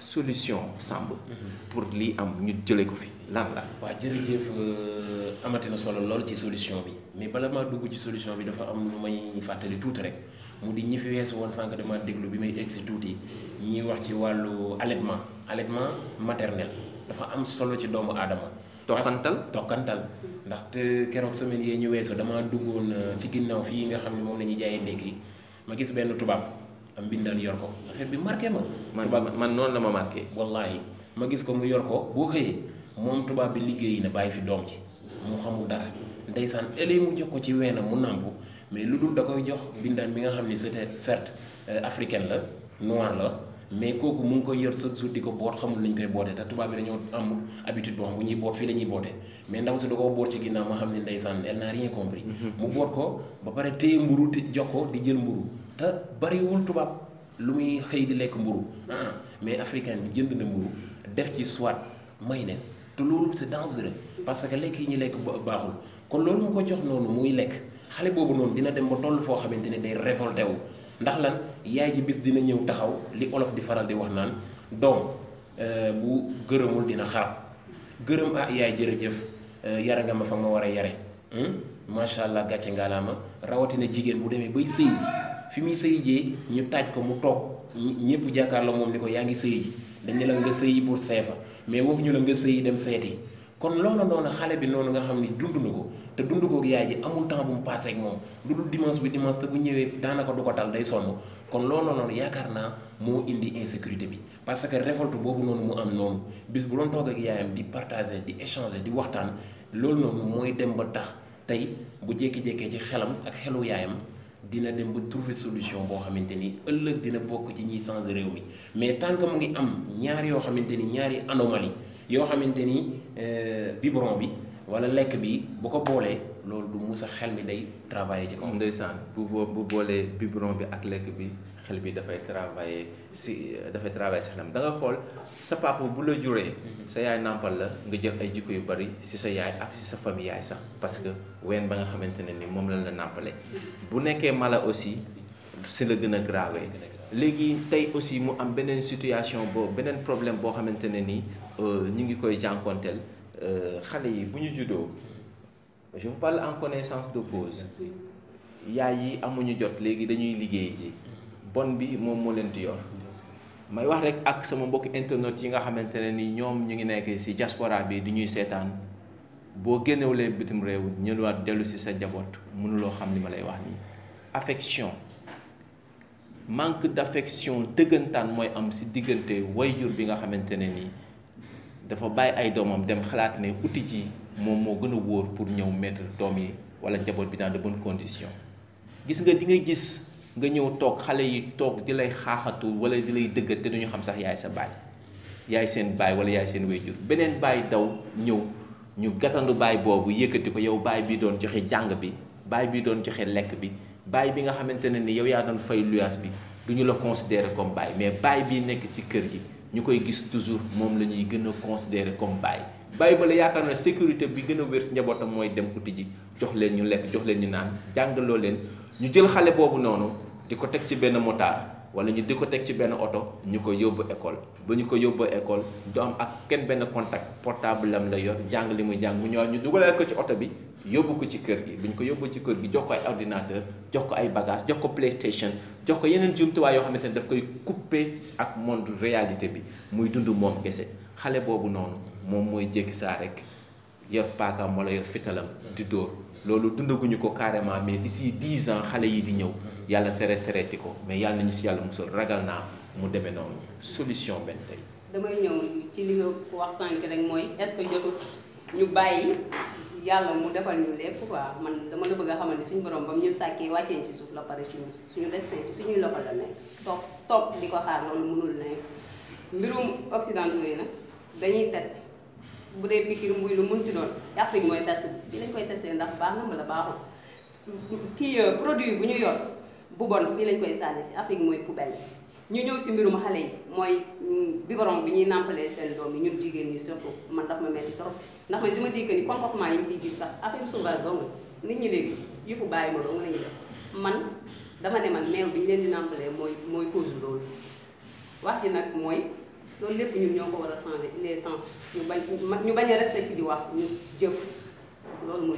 solution semble pour lii am ñu lan la. waaw jërëjëf euh, amati na solo lool ci solution bi mais bala maa dugg ci solution bi dafa am lu may fàttali tuuti rek mu di ñi fi weesu woon sànq dama déglu bi may egg si tuuti ñiy wax ci wàllu allaitement allaitement maternel dafa am solo ci doomu aadama. tokkantal tokkantal te keroog semaine yee ñu weesu damaa duggoon euh, ci ginnaaw fii nga xam ne moom la ñuy jaayee ndékki ma gis benn tubaab am mbindaan yor ko affaire bi marqué ma. tubaab man noonu la ma marqué. wallaahi ma gis ko mu yor ko boo moom tubaab bi liggéeyi na bàyyi fi doom ci mu xamul dara ndeysaan ëllëg mu jox ko ci weenam mu nàmpu mais lu dul da koy jox bindaan bi nga xam ne c'était certes euh, africain la noir la mais kooku mu ngi koy yor sa sut di ko boot xamul ni koy bootee te tubaab bi dañoo am habitude boo xam bu ñuy boot fii la ñuy bootee mais ndaw si da koo boot ci ginnaaw ma xam ne ndeysaan elle n'a rien compris mm-hmm. mu boot ko ba pare téye mburu te jox ko di jël mburu te bariwul tubaab lu muy xëy lekk mburu ah, mais africain bi jënd na mburu def ci soit mayonnaise te loolu c'est dangereux parce que lekk yi ñu lekk baaxul kon loolu mu ko jox noonu muy lekk xale boobu noonu dina dem ba toll foo xamante ne day révolté wu ndax lan yaay ji bis dina ñëw taxaw li olof di faral di wax naan doom euh, bu gërëmul dina xaar gërëm ah yaay jërëjëf euh, yara nga ma fa ma war a yare hmm? macha allah gàcce ngaalaama rawatina jigéen bu demee bay sëy fi muy sëy jee ñu taaj ko mu toog ñëpp jàkkaar la moom ni ko yaa ngi sëy dañ la nga sëyi pour see fa mais waxuñu la nga yi dem seeti kon loolu noonu xale bi noonu nga xam ni dund na ko te dund koog yaay ji amul temps bu mu moom lu dul dimanche bi dimanche te bu ñëwee daanaka du ko tal day sonn kon loolu noonu yaakaar naa moo indi insécurité bi parce que révolte boobu noonu mu am noonu bis bu doon toog ak yaayam di partager di échanger di waxtaan loolu noonu mooy dem ba tax tey bu jékki-jékkee ci xelam ak xelu yaayam dina dem ba trouver solution boo xamante ni ëllëg dina bokk ci ñi changer réew mi mais tant que mu ngi am ñaar yoo xamante ni ñaari anomalie yoo xamante ni euh, biberon bi. wala lekk bi bu ko boolee loolu du musa xel mi day travailler ci kaw. ndeysaan bu boo bu boolee biberon bi ak lekk bi xel bi dafay travailler si dafay travailler si xelam da xool sa papa bu la juree. Mhm. sa yaay nàmpal la nga jël ay jikko yu bari si sa yaay ak si sa famille yaay sax parce que ween ba nga xamante ne ni moom lañ la nàmpale bu nekkee mala aussi si la gën a grave léegi tey aussi mu am beneen situation boo beneen problème boo xamante ne ni euh, ñu ngi koy jànkoonteel. Euh, xale yi bu ñu juddoo je vous parle en connaissance de cause yaay yi amuñu jot léegi dañuy liggéey ji bon bi moom moo leen di yor may wax rek ak sama mbokk internet yi nga xamante ne ni ñoom ñu ngi nekk ci diaspora bi di ñuy seetaan boo génnewulee bitim réew ñëwaat dellu ci sa njaboot mënuloo xam li ma lay wax nii affection manque d'affection dëggantaan mooy am ci diggante wayjur bi nga xamante ne nii dafa bàyyi ay doomam dem xalaat ne uti ji moom moo gën a wóor pour ñëw mettre doom yi wala njaboot bi dans de bonnes conditions gis nga di nga gis nga ñëw toog xale yi toog di lay xaaxatu wala di lay dëggat te duñu xam sax yaay sa baay yaay seen baay wala yaay seen wayjur beneen baay daw ñëw ñu gàttandu baay boobu yëkkati ko yow baay bi doon joxe jàng bi baay bi doon joxe lekk bi baay bi nga xamante ne ni yow yaa doon fay luyaas bi du ñu la considérer comme mais baay bi nekk ci kër gi ñu koy gis toujours moom la ñuy gën a considérer comme bàyyi bàyyi ba la yaakaar na sécurité bi gën a wér si njabootam mooy dem uti ji jox leen ñu lekk jox leen ñu naan jàngaloo leen ñu jël xale boobu noonu di ko teg ci benn motard wala ñu di ko teg ci benn oto ñu ko yóbbu école ba ñu ko yóbbu école du am ak kenn benn contact portable am la yor jàng li muy jàng mu ñëwaat ñu dugalal ko ci oto bi yóbbu ko ci kër gi bu ñu ko yóbbu ci kër gi jox ko ay ordinateur jox ko ay bagage jox ko PlayStation jox ko yeneen jumtuwaay yoo xamante ne daf koy couper ak monde réalité bi muy dund moom kese xale boobu noonu moom mooy jékki saa rek yor paakaam wala yor fitalam di dóor loolu dundaguñu ko carrément mais si dix ans xale yi di ñëw yàlla tere tereeti ko mais yàlla ñu si yàlla musal ragal naa mu demee noonu solution benn tey damay ñëw ci li nga wax sànq rek mooy est-ce ñu bàyyi yàlla mu defal ñu lépp quoi man dama la bëgg a xamal ni suñu borom bam ñu sàkkee wàccee ci suuf la pare suñu destin ci suñuy loxo la nekk toog toog di ko xaar loolu mënul nekk mbirum occidentaux yi nag dañuy test bu dee piqûre mbuy lu mënti doon Afrique mooy test bi fii lañ koy testé ndax baax na wala baaxul kii produit bu ñu yor bu bon fii lañ koy sànni si Afrique mooy poubelle ñu ñëw si mbirum xale yi mooy mm, biberon bi ñuy ñun man daf ma je me dit que comportement yi sax affaire nit ñi la def man dama ne man meew bi ñu di nàmpalee mooy mooy cause loolu. wax ji nag mooy loolu lépp ñun ñoo ko changer temps ñu rester ci di wax ñu jëf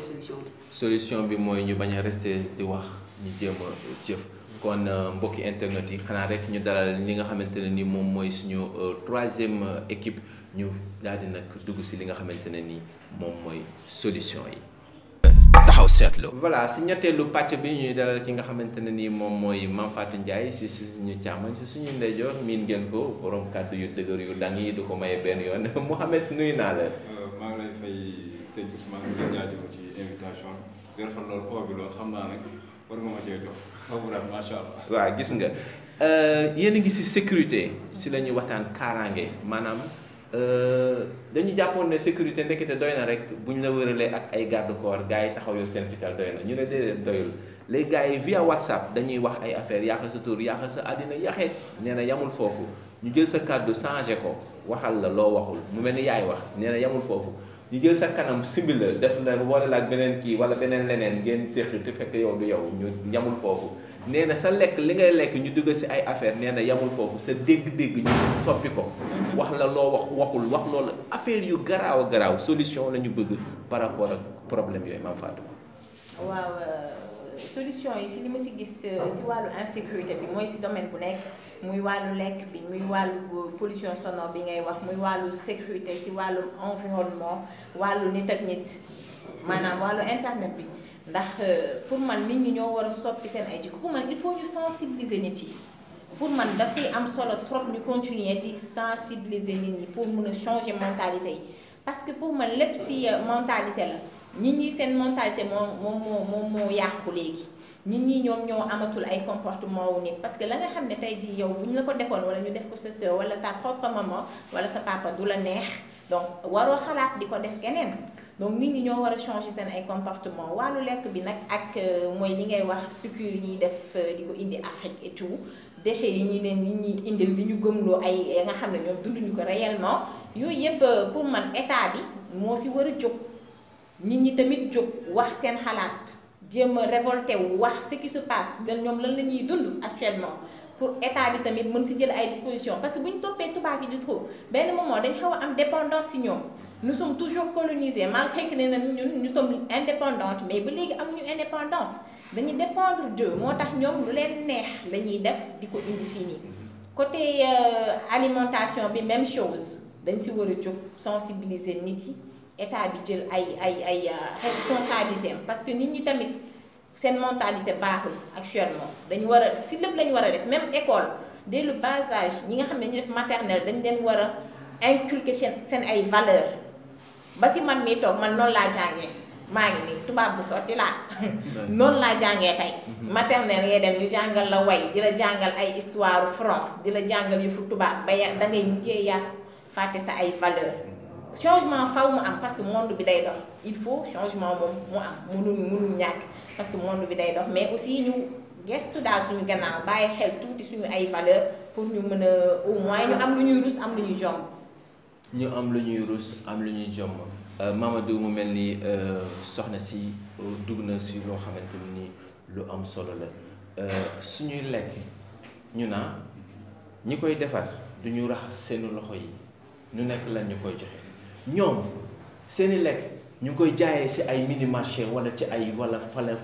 solution solution bi mooy ñu rester di wax ñu kon euh, mbokki internet yi xanaa rek ñu dalal li nga xamante ne ni moom mooy suñu euh, troisième euh, équipe ñu daal di nag dugg si li nga xamante ne ni moom mooy solution yi. taxaw seetlu. voilà si ñetteelu pàcc bi ñuy dalal ki nga xamante ne ni moom mooy Mame Ndiaye si suñu càmmoñ si suñu ndeyjoor miin ngeen ko borom kàddu yu dëgër yu dang yi du ko maye benn yoon Mouhamed nuyu naa la. maa ngi lay fay sëñ Ousmane di ci invitation bi. loolu xam naa nag war nga ma cee jox. macha allah waaw gis nga euh, yéen a ngi si sécurité si la ñuy waxtaan kaaraange maanaam euh, dañu jàppoon ne sécurité ndekete doy na rek bu ñu la wëralee ak ay garde corps gars yi taxaw yow seen fital doy na ñu ne déedéet doyul léegi gars yi via whatsapp dañuy wax ay affaire yaaxa sa tur yaaxa sa àddina yaxeet nee na yamul foofu ñu jël sa kàddu changé ko waxal la loo waxul mu mel ni yaay wax nee na yamul foofu ñu jël sa kanam simbi la def la wala laaj beneen kii wala beneen leneen ngeen séq te fekk yow du yow ñu yamul foofu nee na sa lekk li ngay lekk ñu dugg si ay affaire nee na yamul foofu sa dégg-dégg ñu soppi ko wax la loo wax waxul wax loolu affaire yu garaaw a garaaw solution la ñu bëgg par rapport ak problème yooyu Mame Fatou waaw euh, solution yi si li ma si gis euh, ah. si wàllu insécurité bi mooy si domaine bu nekk muy wàllu lekk bi muy wàllu euh, pollution sonore bi ngay wax muy wàllu sécurité si wàllu environnement wàllu nit ak nit maanaam wàllu internet bi ndax euh, pour man nit ñi ñoo war a soppi seen ay jikko pour man il faut ñu sensibiliser nit yi pour man daf si am solo trop ñu continuer di sensibiliser nit ñi pour mun a changer mentalité yi parce que pour man lépp si mentalité la nit ñi seen mentalité moom moom moo moom moo yàqu léegi nit ñi ñoom ñoo amatul ay comportement wu nit parce que la nga xam ne tey jii yow bu ñu la ko defoon wala ñu def ko sa sœur wala ta propre maman wala sa papa du la neex donc waroo xalaat di ko def keneen donc nit ñi ñoo war a changer seen ay comportement wàllu lekk bi nak ak euh, mooy li ngay wax piqûre yi ñuy def euh, di ko indi Afrique et tout déchets yi ñu neen nit ñi indil di ñu gëmloo ay nga xam ne ñoom dunduñu ko réellement yooyu yëpp euh, pour man état bi moo si war a jóg nit ñi tamit jóg wax seen xalaat jéem a révolté wax ce qui se passe lan ñoom lan la ñuy dund actuellement pour état bi tamit mën si jël ay disposition parce que bu ñu toppee tubaab yi di trop benn moment dañ xaw a am dépendance si ñoom nous sommes toujours colonisés malgré que nee na ñun ñu sommes indépendantes mais ba léegi amuñu indépendance dañu dépendre de moo tax ñoom lu leen neex la ñuy def di ko indi fii nii côté euh, alimentation bi même chose dañ si war a jóg sensibiliser nit yi état bi jël ay ay ay euh, responsabilité parce que nit ñi tamit seen mentalité baaxul actuellement dañ war a si lépp lañ war a def même école dès le bas âge ñi nga xam ne ñu def maternelle dañ leen war a inculquer seen seen ay valeur ba si man mii toog man noonu laa jàngee maa ngi nii tubaab bu sotti laa noonu laa jàngee tey mhm. maternelle ngay dem ñu jàngal la way di la jàngal ay histoire France di la jàngal fu tubaab ba ya da ngay mujjee yàqu fàtte sa ay valeur changement faw am parce que monde bi day dox il faut changement mom mu am munu munu ñak parce que monde bi day dox mais aussi ñu gestu daal suñu gannaaw baye xel touti suñu ay valeur pour ñu mëna au moins ñu am luñuy ñuy am luñuy ñuy ñu am luñuy ñuy am luñuy ñuy euh, Mamadou mu melni euh soxna si euh, dugna si lo xamanteni ni lu am solo la euh suñuy lekk ñu naa ñi koy defar du ñu raxas seen loxo yi ñu nekk lan ñu koy joxe. ñoom seeni lekk ñu ngi koy jaaye si ay mini marché wala ci ay wala fale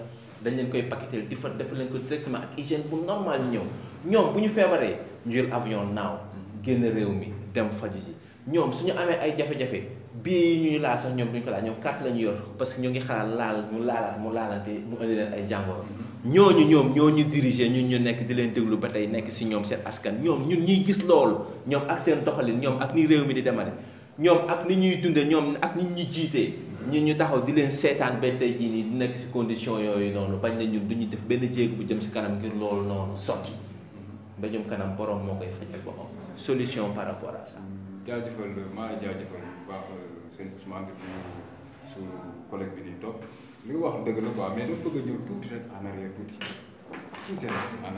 dañu leen koy paquetel di fa def leen ko directement ak hygiène bu normal ñëw ñoom bu ñu feebaree ñu jël avion naaw génn réew mi dem faju yi ñoom suñu amee ay jafe-jafe bii ñuy laal sax ñoom duñ ko laal ñoom carte la ñu yor parce que ñoo ngi xalaat laal mu laalaat mu laalante mu indi leen ay jàngoro mm-hmm. ñooñu ñoom ñoo ñu diriger ñun ñu nekk di leen déglu ba tey nekk si ñoom seen askan ñoom ñun ñuy gis loolu ñoom ak seen doxalin ñoom ak ni réew mi di demare ñoom ak ni ñuy dunde ñoom ak ni ñuy jiitee ñun ñu taxaw di leen seetaan ba tey jii nii di nekk si condition yooyu noonu bañ na ñun duñu def benn jéego bu jëm si kanam ngir loolu noonu sotti mbéjum kanam borom moo koy fajal boppam solution par rapport à ça. jaajëfal maa ngi jaajëfal bu baax euh, sëñ Ousmane di bi di topp li wax dëgg la quoi mais dafa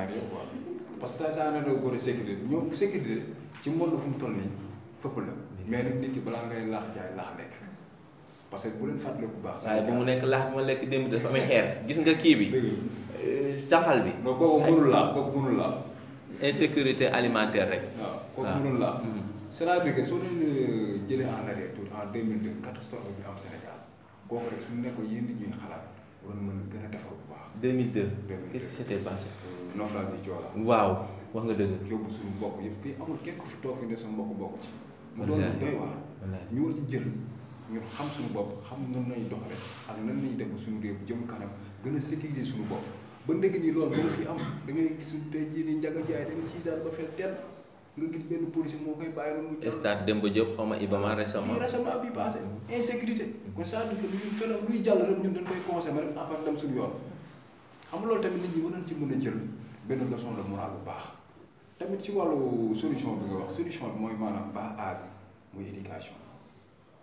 a parce que a sécurité ñoom ci monde fu mu toll nii fëpp la. mais nag nit ki balaa ngay laax jaay laax lekk parce que bu leen fàttali bu baax. saa bu mu nekk laax bu ma lekk démb dafa amee gis nga kii bi. Euh, saxal bi. alimentaire rek. waaw kooku mm-hmm. euh, bi am Sénégal a gën a defar bu baax. deux euh, suñu mbokk yëpp fii amul kenn mbokk bokk ci. mu doon lu doy waar ñu war ci jël ñun xam suñu bopp xam nan lañuy doxale ak nan lañuy dem suñu réew jëm kanam gën a sécuriser suñu bopp ba nekk nii loolu dana fi am da ngay gis tey jii nii njaga jaay dañu ci ba fekk kenn nga gis benn police moo koy bàyyi noonu mu stade Demba Diop xaw ma Ibama récemment récemment bi passé mm-hmm. insécurité mm-hmm. kon ça veut dire que ñun feneen ñun dañ koy consommer rek dem suñu yoon xam loolu tamit nit ñi war nañ ci mun a jël benn leçon de morale bu baax tamit ci wàllu solution bi nga wax solution mooy maanaam baax âge muy éducation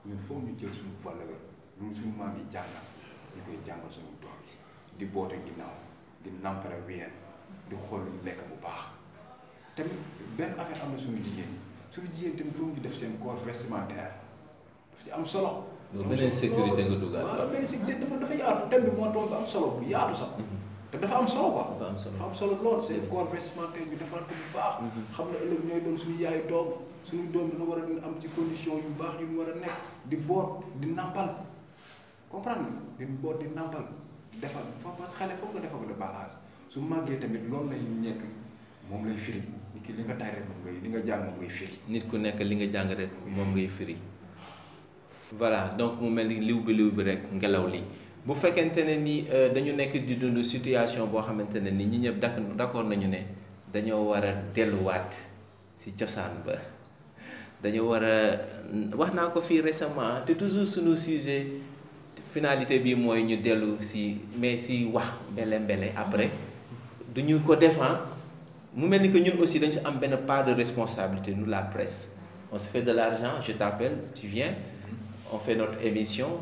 ñun foog ñu jël suñu valeur ñun suñu maam yi jàngal ñu koy jàngal suñu doom yi di boote ginnaaw di nampare ween di xool lu lekk bu baax tamit benn affaire am na suñu jigéen suñu jigéen tamit foog ñu def seen corps vestimentaire daf ci am solo. am solo beneen sécurité nga dugal. waaw beneen sécurité dafa dafa yaatu thème bi moo doon ba am solo bu yaatu sax. Mm-hmm. te dafa am solo quoi. dafa am solo dafa am solo lool seen mm-hmm. corps bu baax. Mm-hmm. xam ne ëllëg ñooy doon suñu yaay toog suñu doom dina war a am ci condition yu baax yu mu war a nekk di boot di nàmpal comprendre nga boot di nàmpal di defar parce que xale foog nga defar ko de base su màggee tamit loolu lay nekk moom lay firi nit ki li nga tay nga jàng moom ngay nit ku nekk li nga jàng rek moom ngay firi. voilà donc mu mel ni liw bi liw bi rek ngelaw li. bu fekkente ne ni euh, dañu nekk di dund situation boo xamante ne ni ñi d'accord d'accord accord nañu ne dañoo war a delluwaat ci cosaan ba dañoo war a wax naa ko récemment te toujours nos sujets finalité bi mooy ñu dellu si mais si wax belle belle après duñu ko défend hein? mu mais que ñun aussi dañu ci am pas de responsabilité nous la presse on se fait de l'argent je t'appelle tu viens on fait notre émission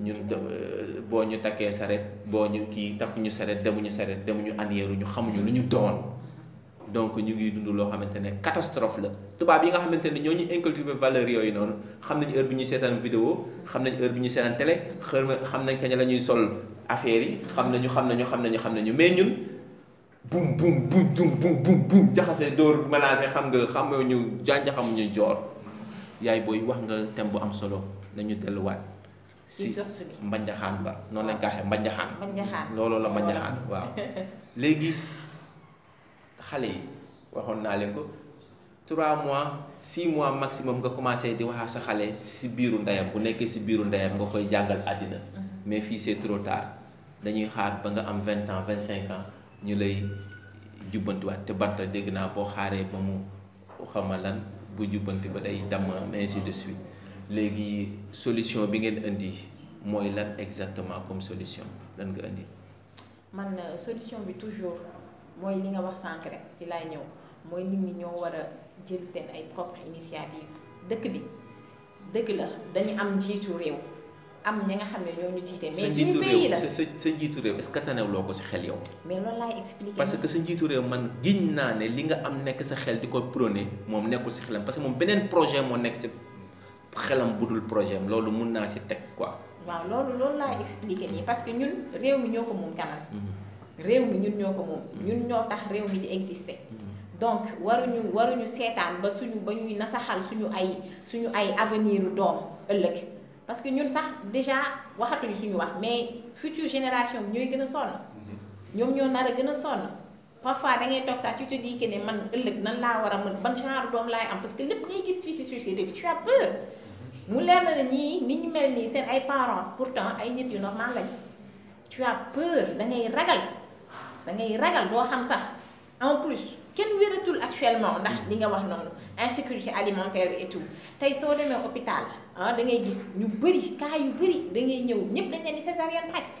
ñun euh, boo ñu takkee saret boo ñu kii ñu saret demuñu saret demuñu anyeeru ñu xamuñu lu ñu doon donc ñu ngi dund loo xamante ne catastrophe la tubaab yi nga xamante ne ñoo ñu inculqué valeur yooyu noonu xam nañ heure bi ñuy seetaan vidéo xam nañ heure bi ñuy seetaan télé xam nañ kañ la ñuy sol affaire yi xam nañu xam nañu xam nañu xam nañu mais ñun bum bum bum bum bum bum bum jaxase dóor mélangé xam nga xam ñu jànja joor yaay booy wax nga tem bu am solo nañu delluwaat. si mbanjaxaan ba noonu lañ xee waxee mbanjaxaan looloo la mbanjaxaan waaw léegi xale yi waxoon naa leen ko trois mois six mois maximum nga commencé di waxaa sa xale si biiru ndeyam bu nekkee si biiru ndeyam nga koy jàngal àddina mm-hmm. mais fii c'est trop tard dañuy xaar ba nga am vingt ans vingt cinq ans ñu lay jubbantiwaat te banta dégg naa boo xaaree ba mu xama lan bu jubbanti ba day damm ainsi de suite Les solution bi ngeen indi mooy lan exactement comme solution lan nga andi man euh, solution bi toujours moy li nga wax sànq rek ci lay ñëw moy nit ñi ñoo wara a jël seen ay propre initiative dëkk bi dëgg la dañu am jitu réew am ñi nga xam ne ñoo ñu jiite. mais suñu pays la sa jitu njiitu réew est-ce que tanewloo ko ci xel yow. mais loolu lay expliqué. parce que sa jitu réew man giñ n'a ne li nga am nek sa xel diko ko mom moom nekkul si xelam parce que mom benen projet mo nek si xelam budul projet am quoi. parce que ñun nous, mi mhm. mi ñun mhm. ñun tax mi exister. Mhm. donc waruñu waruñu seetaan ba suñu nasaxal suñu ay suñu avenir doom parce que ñun sax déjà waxatuñu suñu wax mais future génération parfois tu te dis que ne man ëllëg nan ban doom parce que lépp ngay gis société bi tu as peur mu leer ni ñu mel nii seen ay parents pourtant ay nit yu normal lañ tu as peur da ngay ragal da ngay ragal doo xam sax en plus kenn wératul actuellement ndax li nga wax noonu insécurité alimentaire et tout tey soo demee hôpital ah da ngay gis ñu bëri cas yu bëri da ngay ñëw ñëpp dañ leen ni césarienne presque.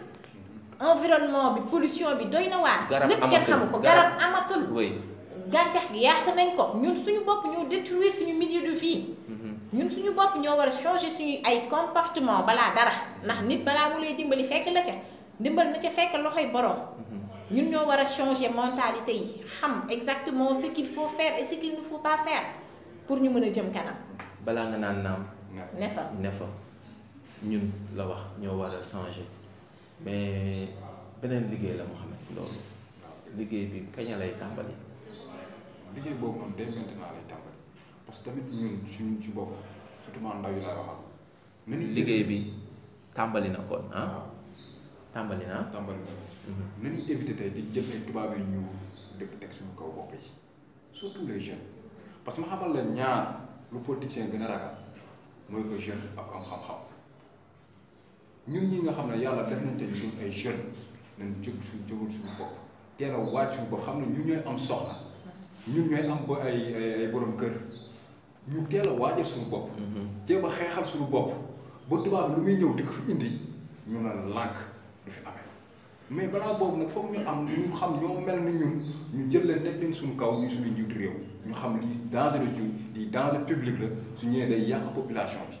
environnement bi pollution bi doyna war waar. garab amatul lépp kenn xamu garab amatul. gàncax gi yàq nañ ko ñun suñu bop ñu détruire suñu milieu de vie. Mhm. ñun suñu bop ñoo wara changer suñu ay comportement bala dara ndax nit bala mu lay dimbali fekk la ca dimbal na ca fekk loxoy borom. Mhm. ñun ñoo wara changer mentalité yi xam exactement ce qu'il faut faire et ce qu'il ne faut pas faire pour ñu mën a jëm kanam. bala nga naan naam. nefa nefa ñun la wax ñoo war a changer. mais beneen liggéey la Mouhamed loolu liggéey bi kañ lay tàmbali. liggéey boobu noonu dès maintenant lay tàmbali parce que tamit ñun suñu ci bopp surtout man ndaw yi laa waxal. liggéey bi tàmbali na kon ah. tàmbali na tàmbali na. nañu mhm. éviter tey di jël ay tubaab yi ñu dëkk teg suñu kaw bopp yi surtout les jeunes parce que ma xamal leen ñaar lu politicien gën a ragal mooy que jeune ak am xam-xam. ñun ñi nga xam ne yàlla def nañ te ñun ay jeunes nañ jóg suñ jógul suñu bopp teel a wàcc bopp xam ne ñun ñooy am soxla ñun ñooy am ba ay ay kër ñu teel a waajal suñu bopp. Mhm. jéem a xeexal suñu bopp ba tubaab lu muy ñëw di ko fi indi ñu na lànk du fi amee mais balaa boobu nag foog ñu am ñu xam ñoo mel ni ñun ñu jël leen teg leen suñu kaw ñu suñu njiitu réew ñu xam lii danger la jiw lii danger public la su ñëwee day yàq population bi.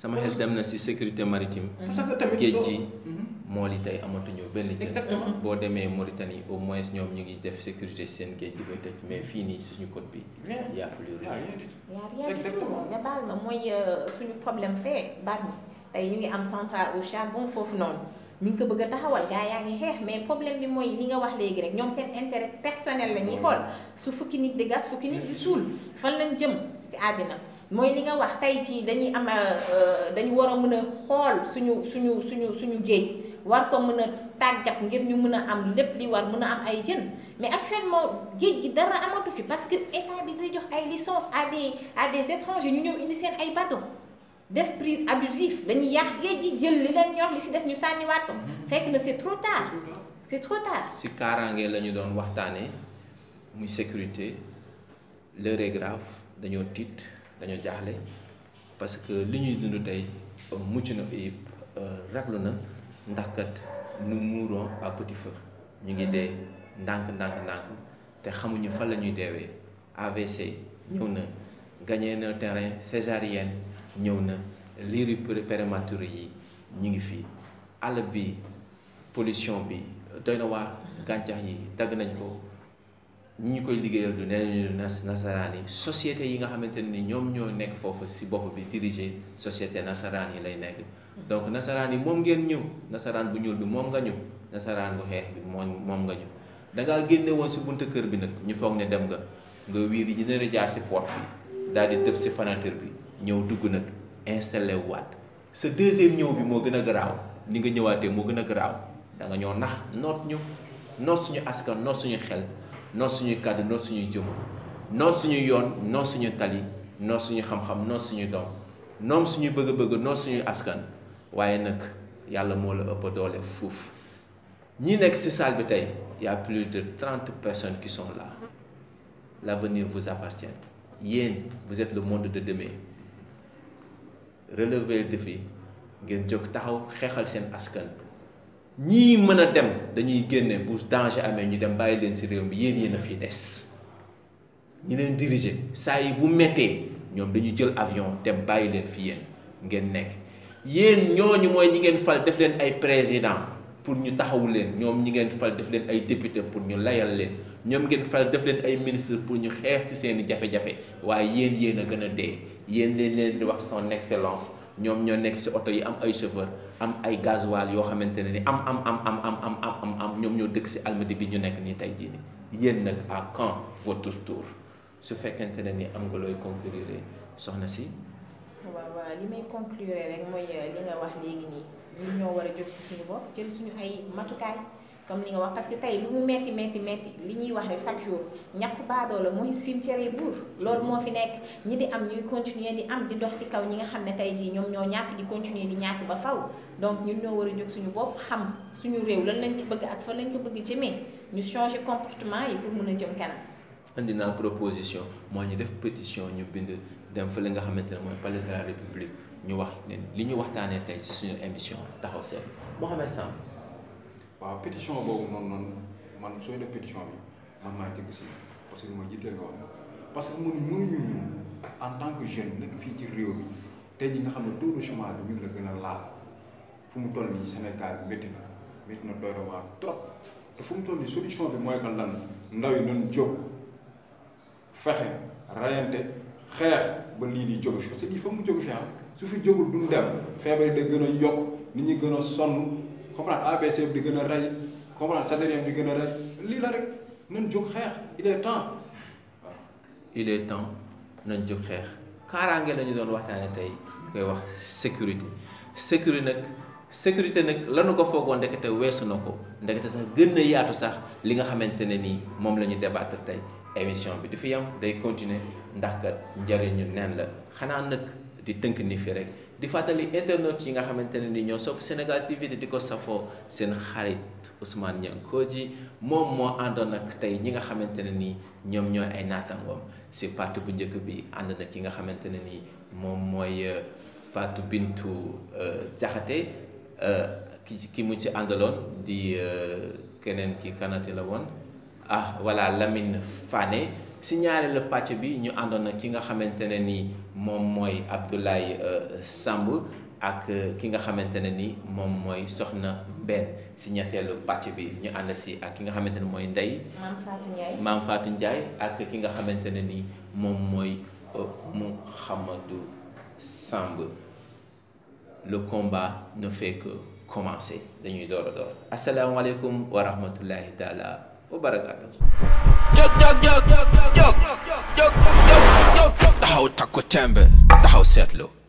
sama xel dem na ci sécurité maritime. Mhm. parce que tamit géej gi mhm. mool yi tey amatuñu benn jën. exactement euh, boo demee Mauritanie au moins ñoom ñu ngi def sécurité ci seen géej gi ba tëj mais fii nii suñu côte bi. y a plus rien. y rien du tout nga baal ma mooy euh, suñu problème fee baal ma tey ñu ngi am centrale au charbon foofu noonu. ñu ngi ko bëgg a taxawal gaa yaa ngi xeex mais problème bi mooy li nga wax léegi rek ñoom seen intérêt personnel la ñuy xool su fukki nit di gas fukki nit di suul fan lañ jëm ci àddina mooy li nga wax tey ci dañuy am euh, euh, dañu war a mën a xool suñu suñu suñu suñu géej war ko mën a tàggat ngir ñu mën a am lépp li war mën a am ay jën mais actuellement géej gi dara amatu fi parce que état bi day jox ay licence à des à des étrangers ñu ñëw indi seen ay bateau def prise abusive dañuy yàq géej gi jël li leen ñor li si des ñu sànniwaat ko mm-hmm. fekk na c'est trop tard c'est trop tard si kaaraange la ñu doon waxtaanee muy sécurité l'heure est grave dañoo titre dañoo jaaxle parce que li ñuy dund tey mucc na ayib euh, raglu na ndax kat nous mourons à petit ñu ngi dee ndànk ndànk ndànk te xamuñu fan la ñuy deewee AVC ñëw na gagné na terrain césarienne ñëw na liiri prématuré yi ñu ngi fii àll bi pollution bi doy na waar gàncax yi dagg nañ ko. ñu ñu koy liggéeyal du nee nañu nasaraan yi société yi nga xamante ni ñoom ñoo nekk foofu si bopp bi diriger société nasaraan yi lay nekk donc nasaraan yi moom ngeen ñëw nasaraan bu ñuul bi moom nga ñëw nasaraan bu xeex bi moom nga ñëw da ngaa génne woon si bunt kër bi nag ñu foog ne dem nga nga wiir yi dina jaar si porte bi daal di tëb si fanateur bi ñëw dugg nag installé waat sa deuxième ñëw bi moo gën a garaaw ni nga ñëwaatee moo gën a garaaw da nga nax noot ñu noot suñu askan noot suñu xel Non suñu kàddu non suñu jëm non suñu yoon non suñu tali non suñu xam-xam non suñu dom non suñu bëgg-bëgg non suñu askan waaye nag yàlla moo la ëpp doole fuuf ñi nekk ci salle bi tey y a plus de 30 personnes qui sont là l'avenir vous appartient yéen vous êtes le monde de demain relevez le défi ngeen jóg taxaw xeexal seen askan ni mën a dem dañuy génne bu danger amee ñu dem bàyyi leen si réew mi yéen yéen a fi des ñi leen diriger saa yi bu mettee ñoom dañuy jël avion dem bàyyi fi yéen ngeen nekk yéen ñooñu mooy ñi ngeen fal def leen président pour ñu taxawu leen ñoom ñi ngeen fal def leen ay député pour ñu layal leen ñoom ngeen fal def leen ay ministre pour ñu xeex ci seen jafe-jafe waaye yéen yéen a gën a leen leen wax son excellence ñoom ñoo nekk si oto yi am ay chauffeur am ay gasoil yoo xamante ne ni am am am am am am am am ñoom ñoo dëkk si almadi bi ñu nekk nii tey jii nii yéen nag à quand votre tour su fekkente ne ni am nga looy conclure soxna si. waaw waaw li may conclure rek mooy li nga wax léegi nii ñun ñoo war a jóg si suñu bopp jël suñu ay matukaay. comme ni nga wax parce que tay lu mu metti metti metti li ñuy wax rek chaque jour ñàkk baadoo la moy cimetière bour lool mo fi nek ñi di am ñuy continuer di am di dox ci kaw ñi nga xamne tay ji ñom ño ñak di continuer di ñak ba faw donc ñun ño wara a suñu bop xam suñu réew lan lañ ci bëgg ak fa lañ ko bëgg jëmee ñu changer comportement yi pour mëna jëm kanam. andi naa proposition mooy ñu def pétition ñu bind dem fa li nga xamante ne mooy palais de la république ñu wax ne li ñu waxtaanee tey ci suñu émission taxaw seen Mohamed Samb waaw pétition boobu noonu noonu man sooy def pétition bi man maa ci aussi parce que ma jiiteel ko parce que mënu mënuñu ñun en tant que jeune nekk fii ci réew mi tey ji nga xam ne taux de chômage bi ñun la gën a laal fu mu toll nii Sénégal métti na métti na doy na trop te fu mu toll nii solution bi mooy kan lan ndaw yi doon jóg fexe rayante xeex ba lii di jóg fi parce que lii fa mu jóg fi ah su fi jógul duñ dem feebar yi day gën a yokk nit ñi gën a sonn. comprendre APC di gën a rey comprendre satérien di gën a rey lii la rek nañ jóg xeex il est temps waaw. il est temps nañ jóg xeex kaaraange lañu doon waxtaanee tey ñu koy wax sécurité sécurité nag sécurité nag lanu ko foogoo ndekete weesu na ko ndekete sax gën a yaatu sax li nga xamante ne nii moom la ñu débattre tey émission bi du fi yam day continuer ndax ka njëriñu neen la xanaa nag di tënk ni fi rek. di fàttali internet yi nga xamante ne ni ñoo sopp Sénégal TV di ko safoo seen xarit Ousmane Niankoji moom moo àndoon ak tey ñi nga xamante ne ni ñoom ñooy ay naataangoom si parti bu njëkk bi ànd na ki nga xamante ne ni moom mooy euh, Fatou Bintou euh, Diakhaté euh, ki ki mu ci àndaloon di keneen ki kanate la woon ah voilà Lamine Fane si ñaareelu pàcc bi ñu àndoon na ki nga xamante ne ni. moom mooy Abdoulaye Samb ak ki nga xamante ne ni moom mooy Soxna Ben si ñetteelu pàcc bi ñu ànd si ak ki nga xamante ne mooy Ndeye. Maam Fatou Ndiaye Maam Fatou Ndiaye ak ki nga xamante ne ni moom mooy Mouhamadou Samb le combat ne fait que commencer dañuy door a door asalaamaaleykum wa rahmatullahi taala wa barakaatu. The house Tahoe low.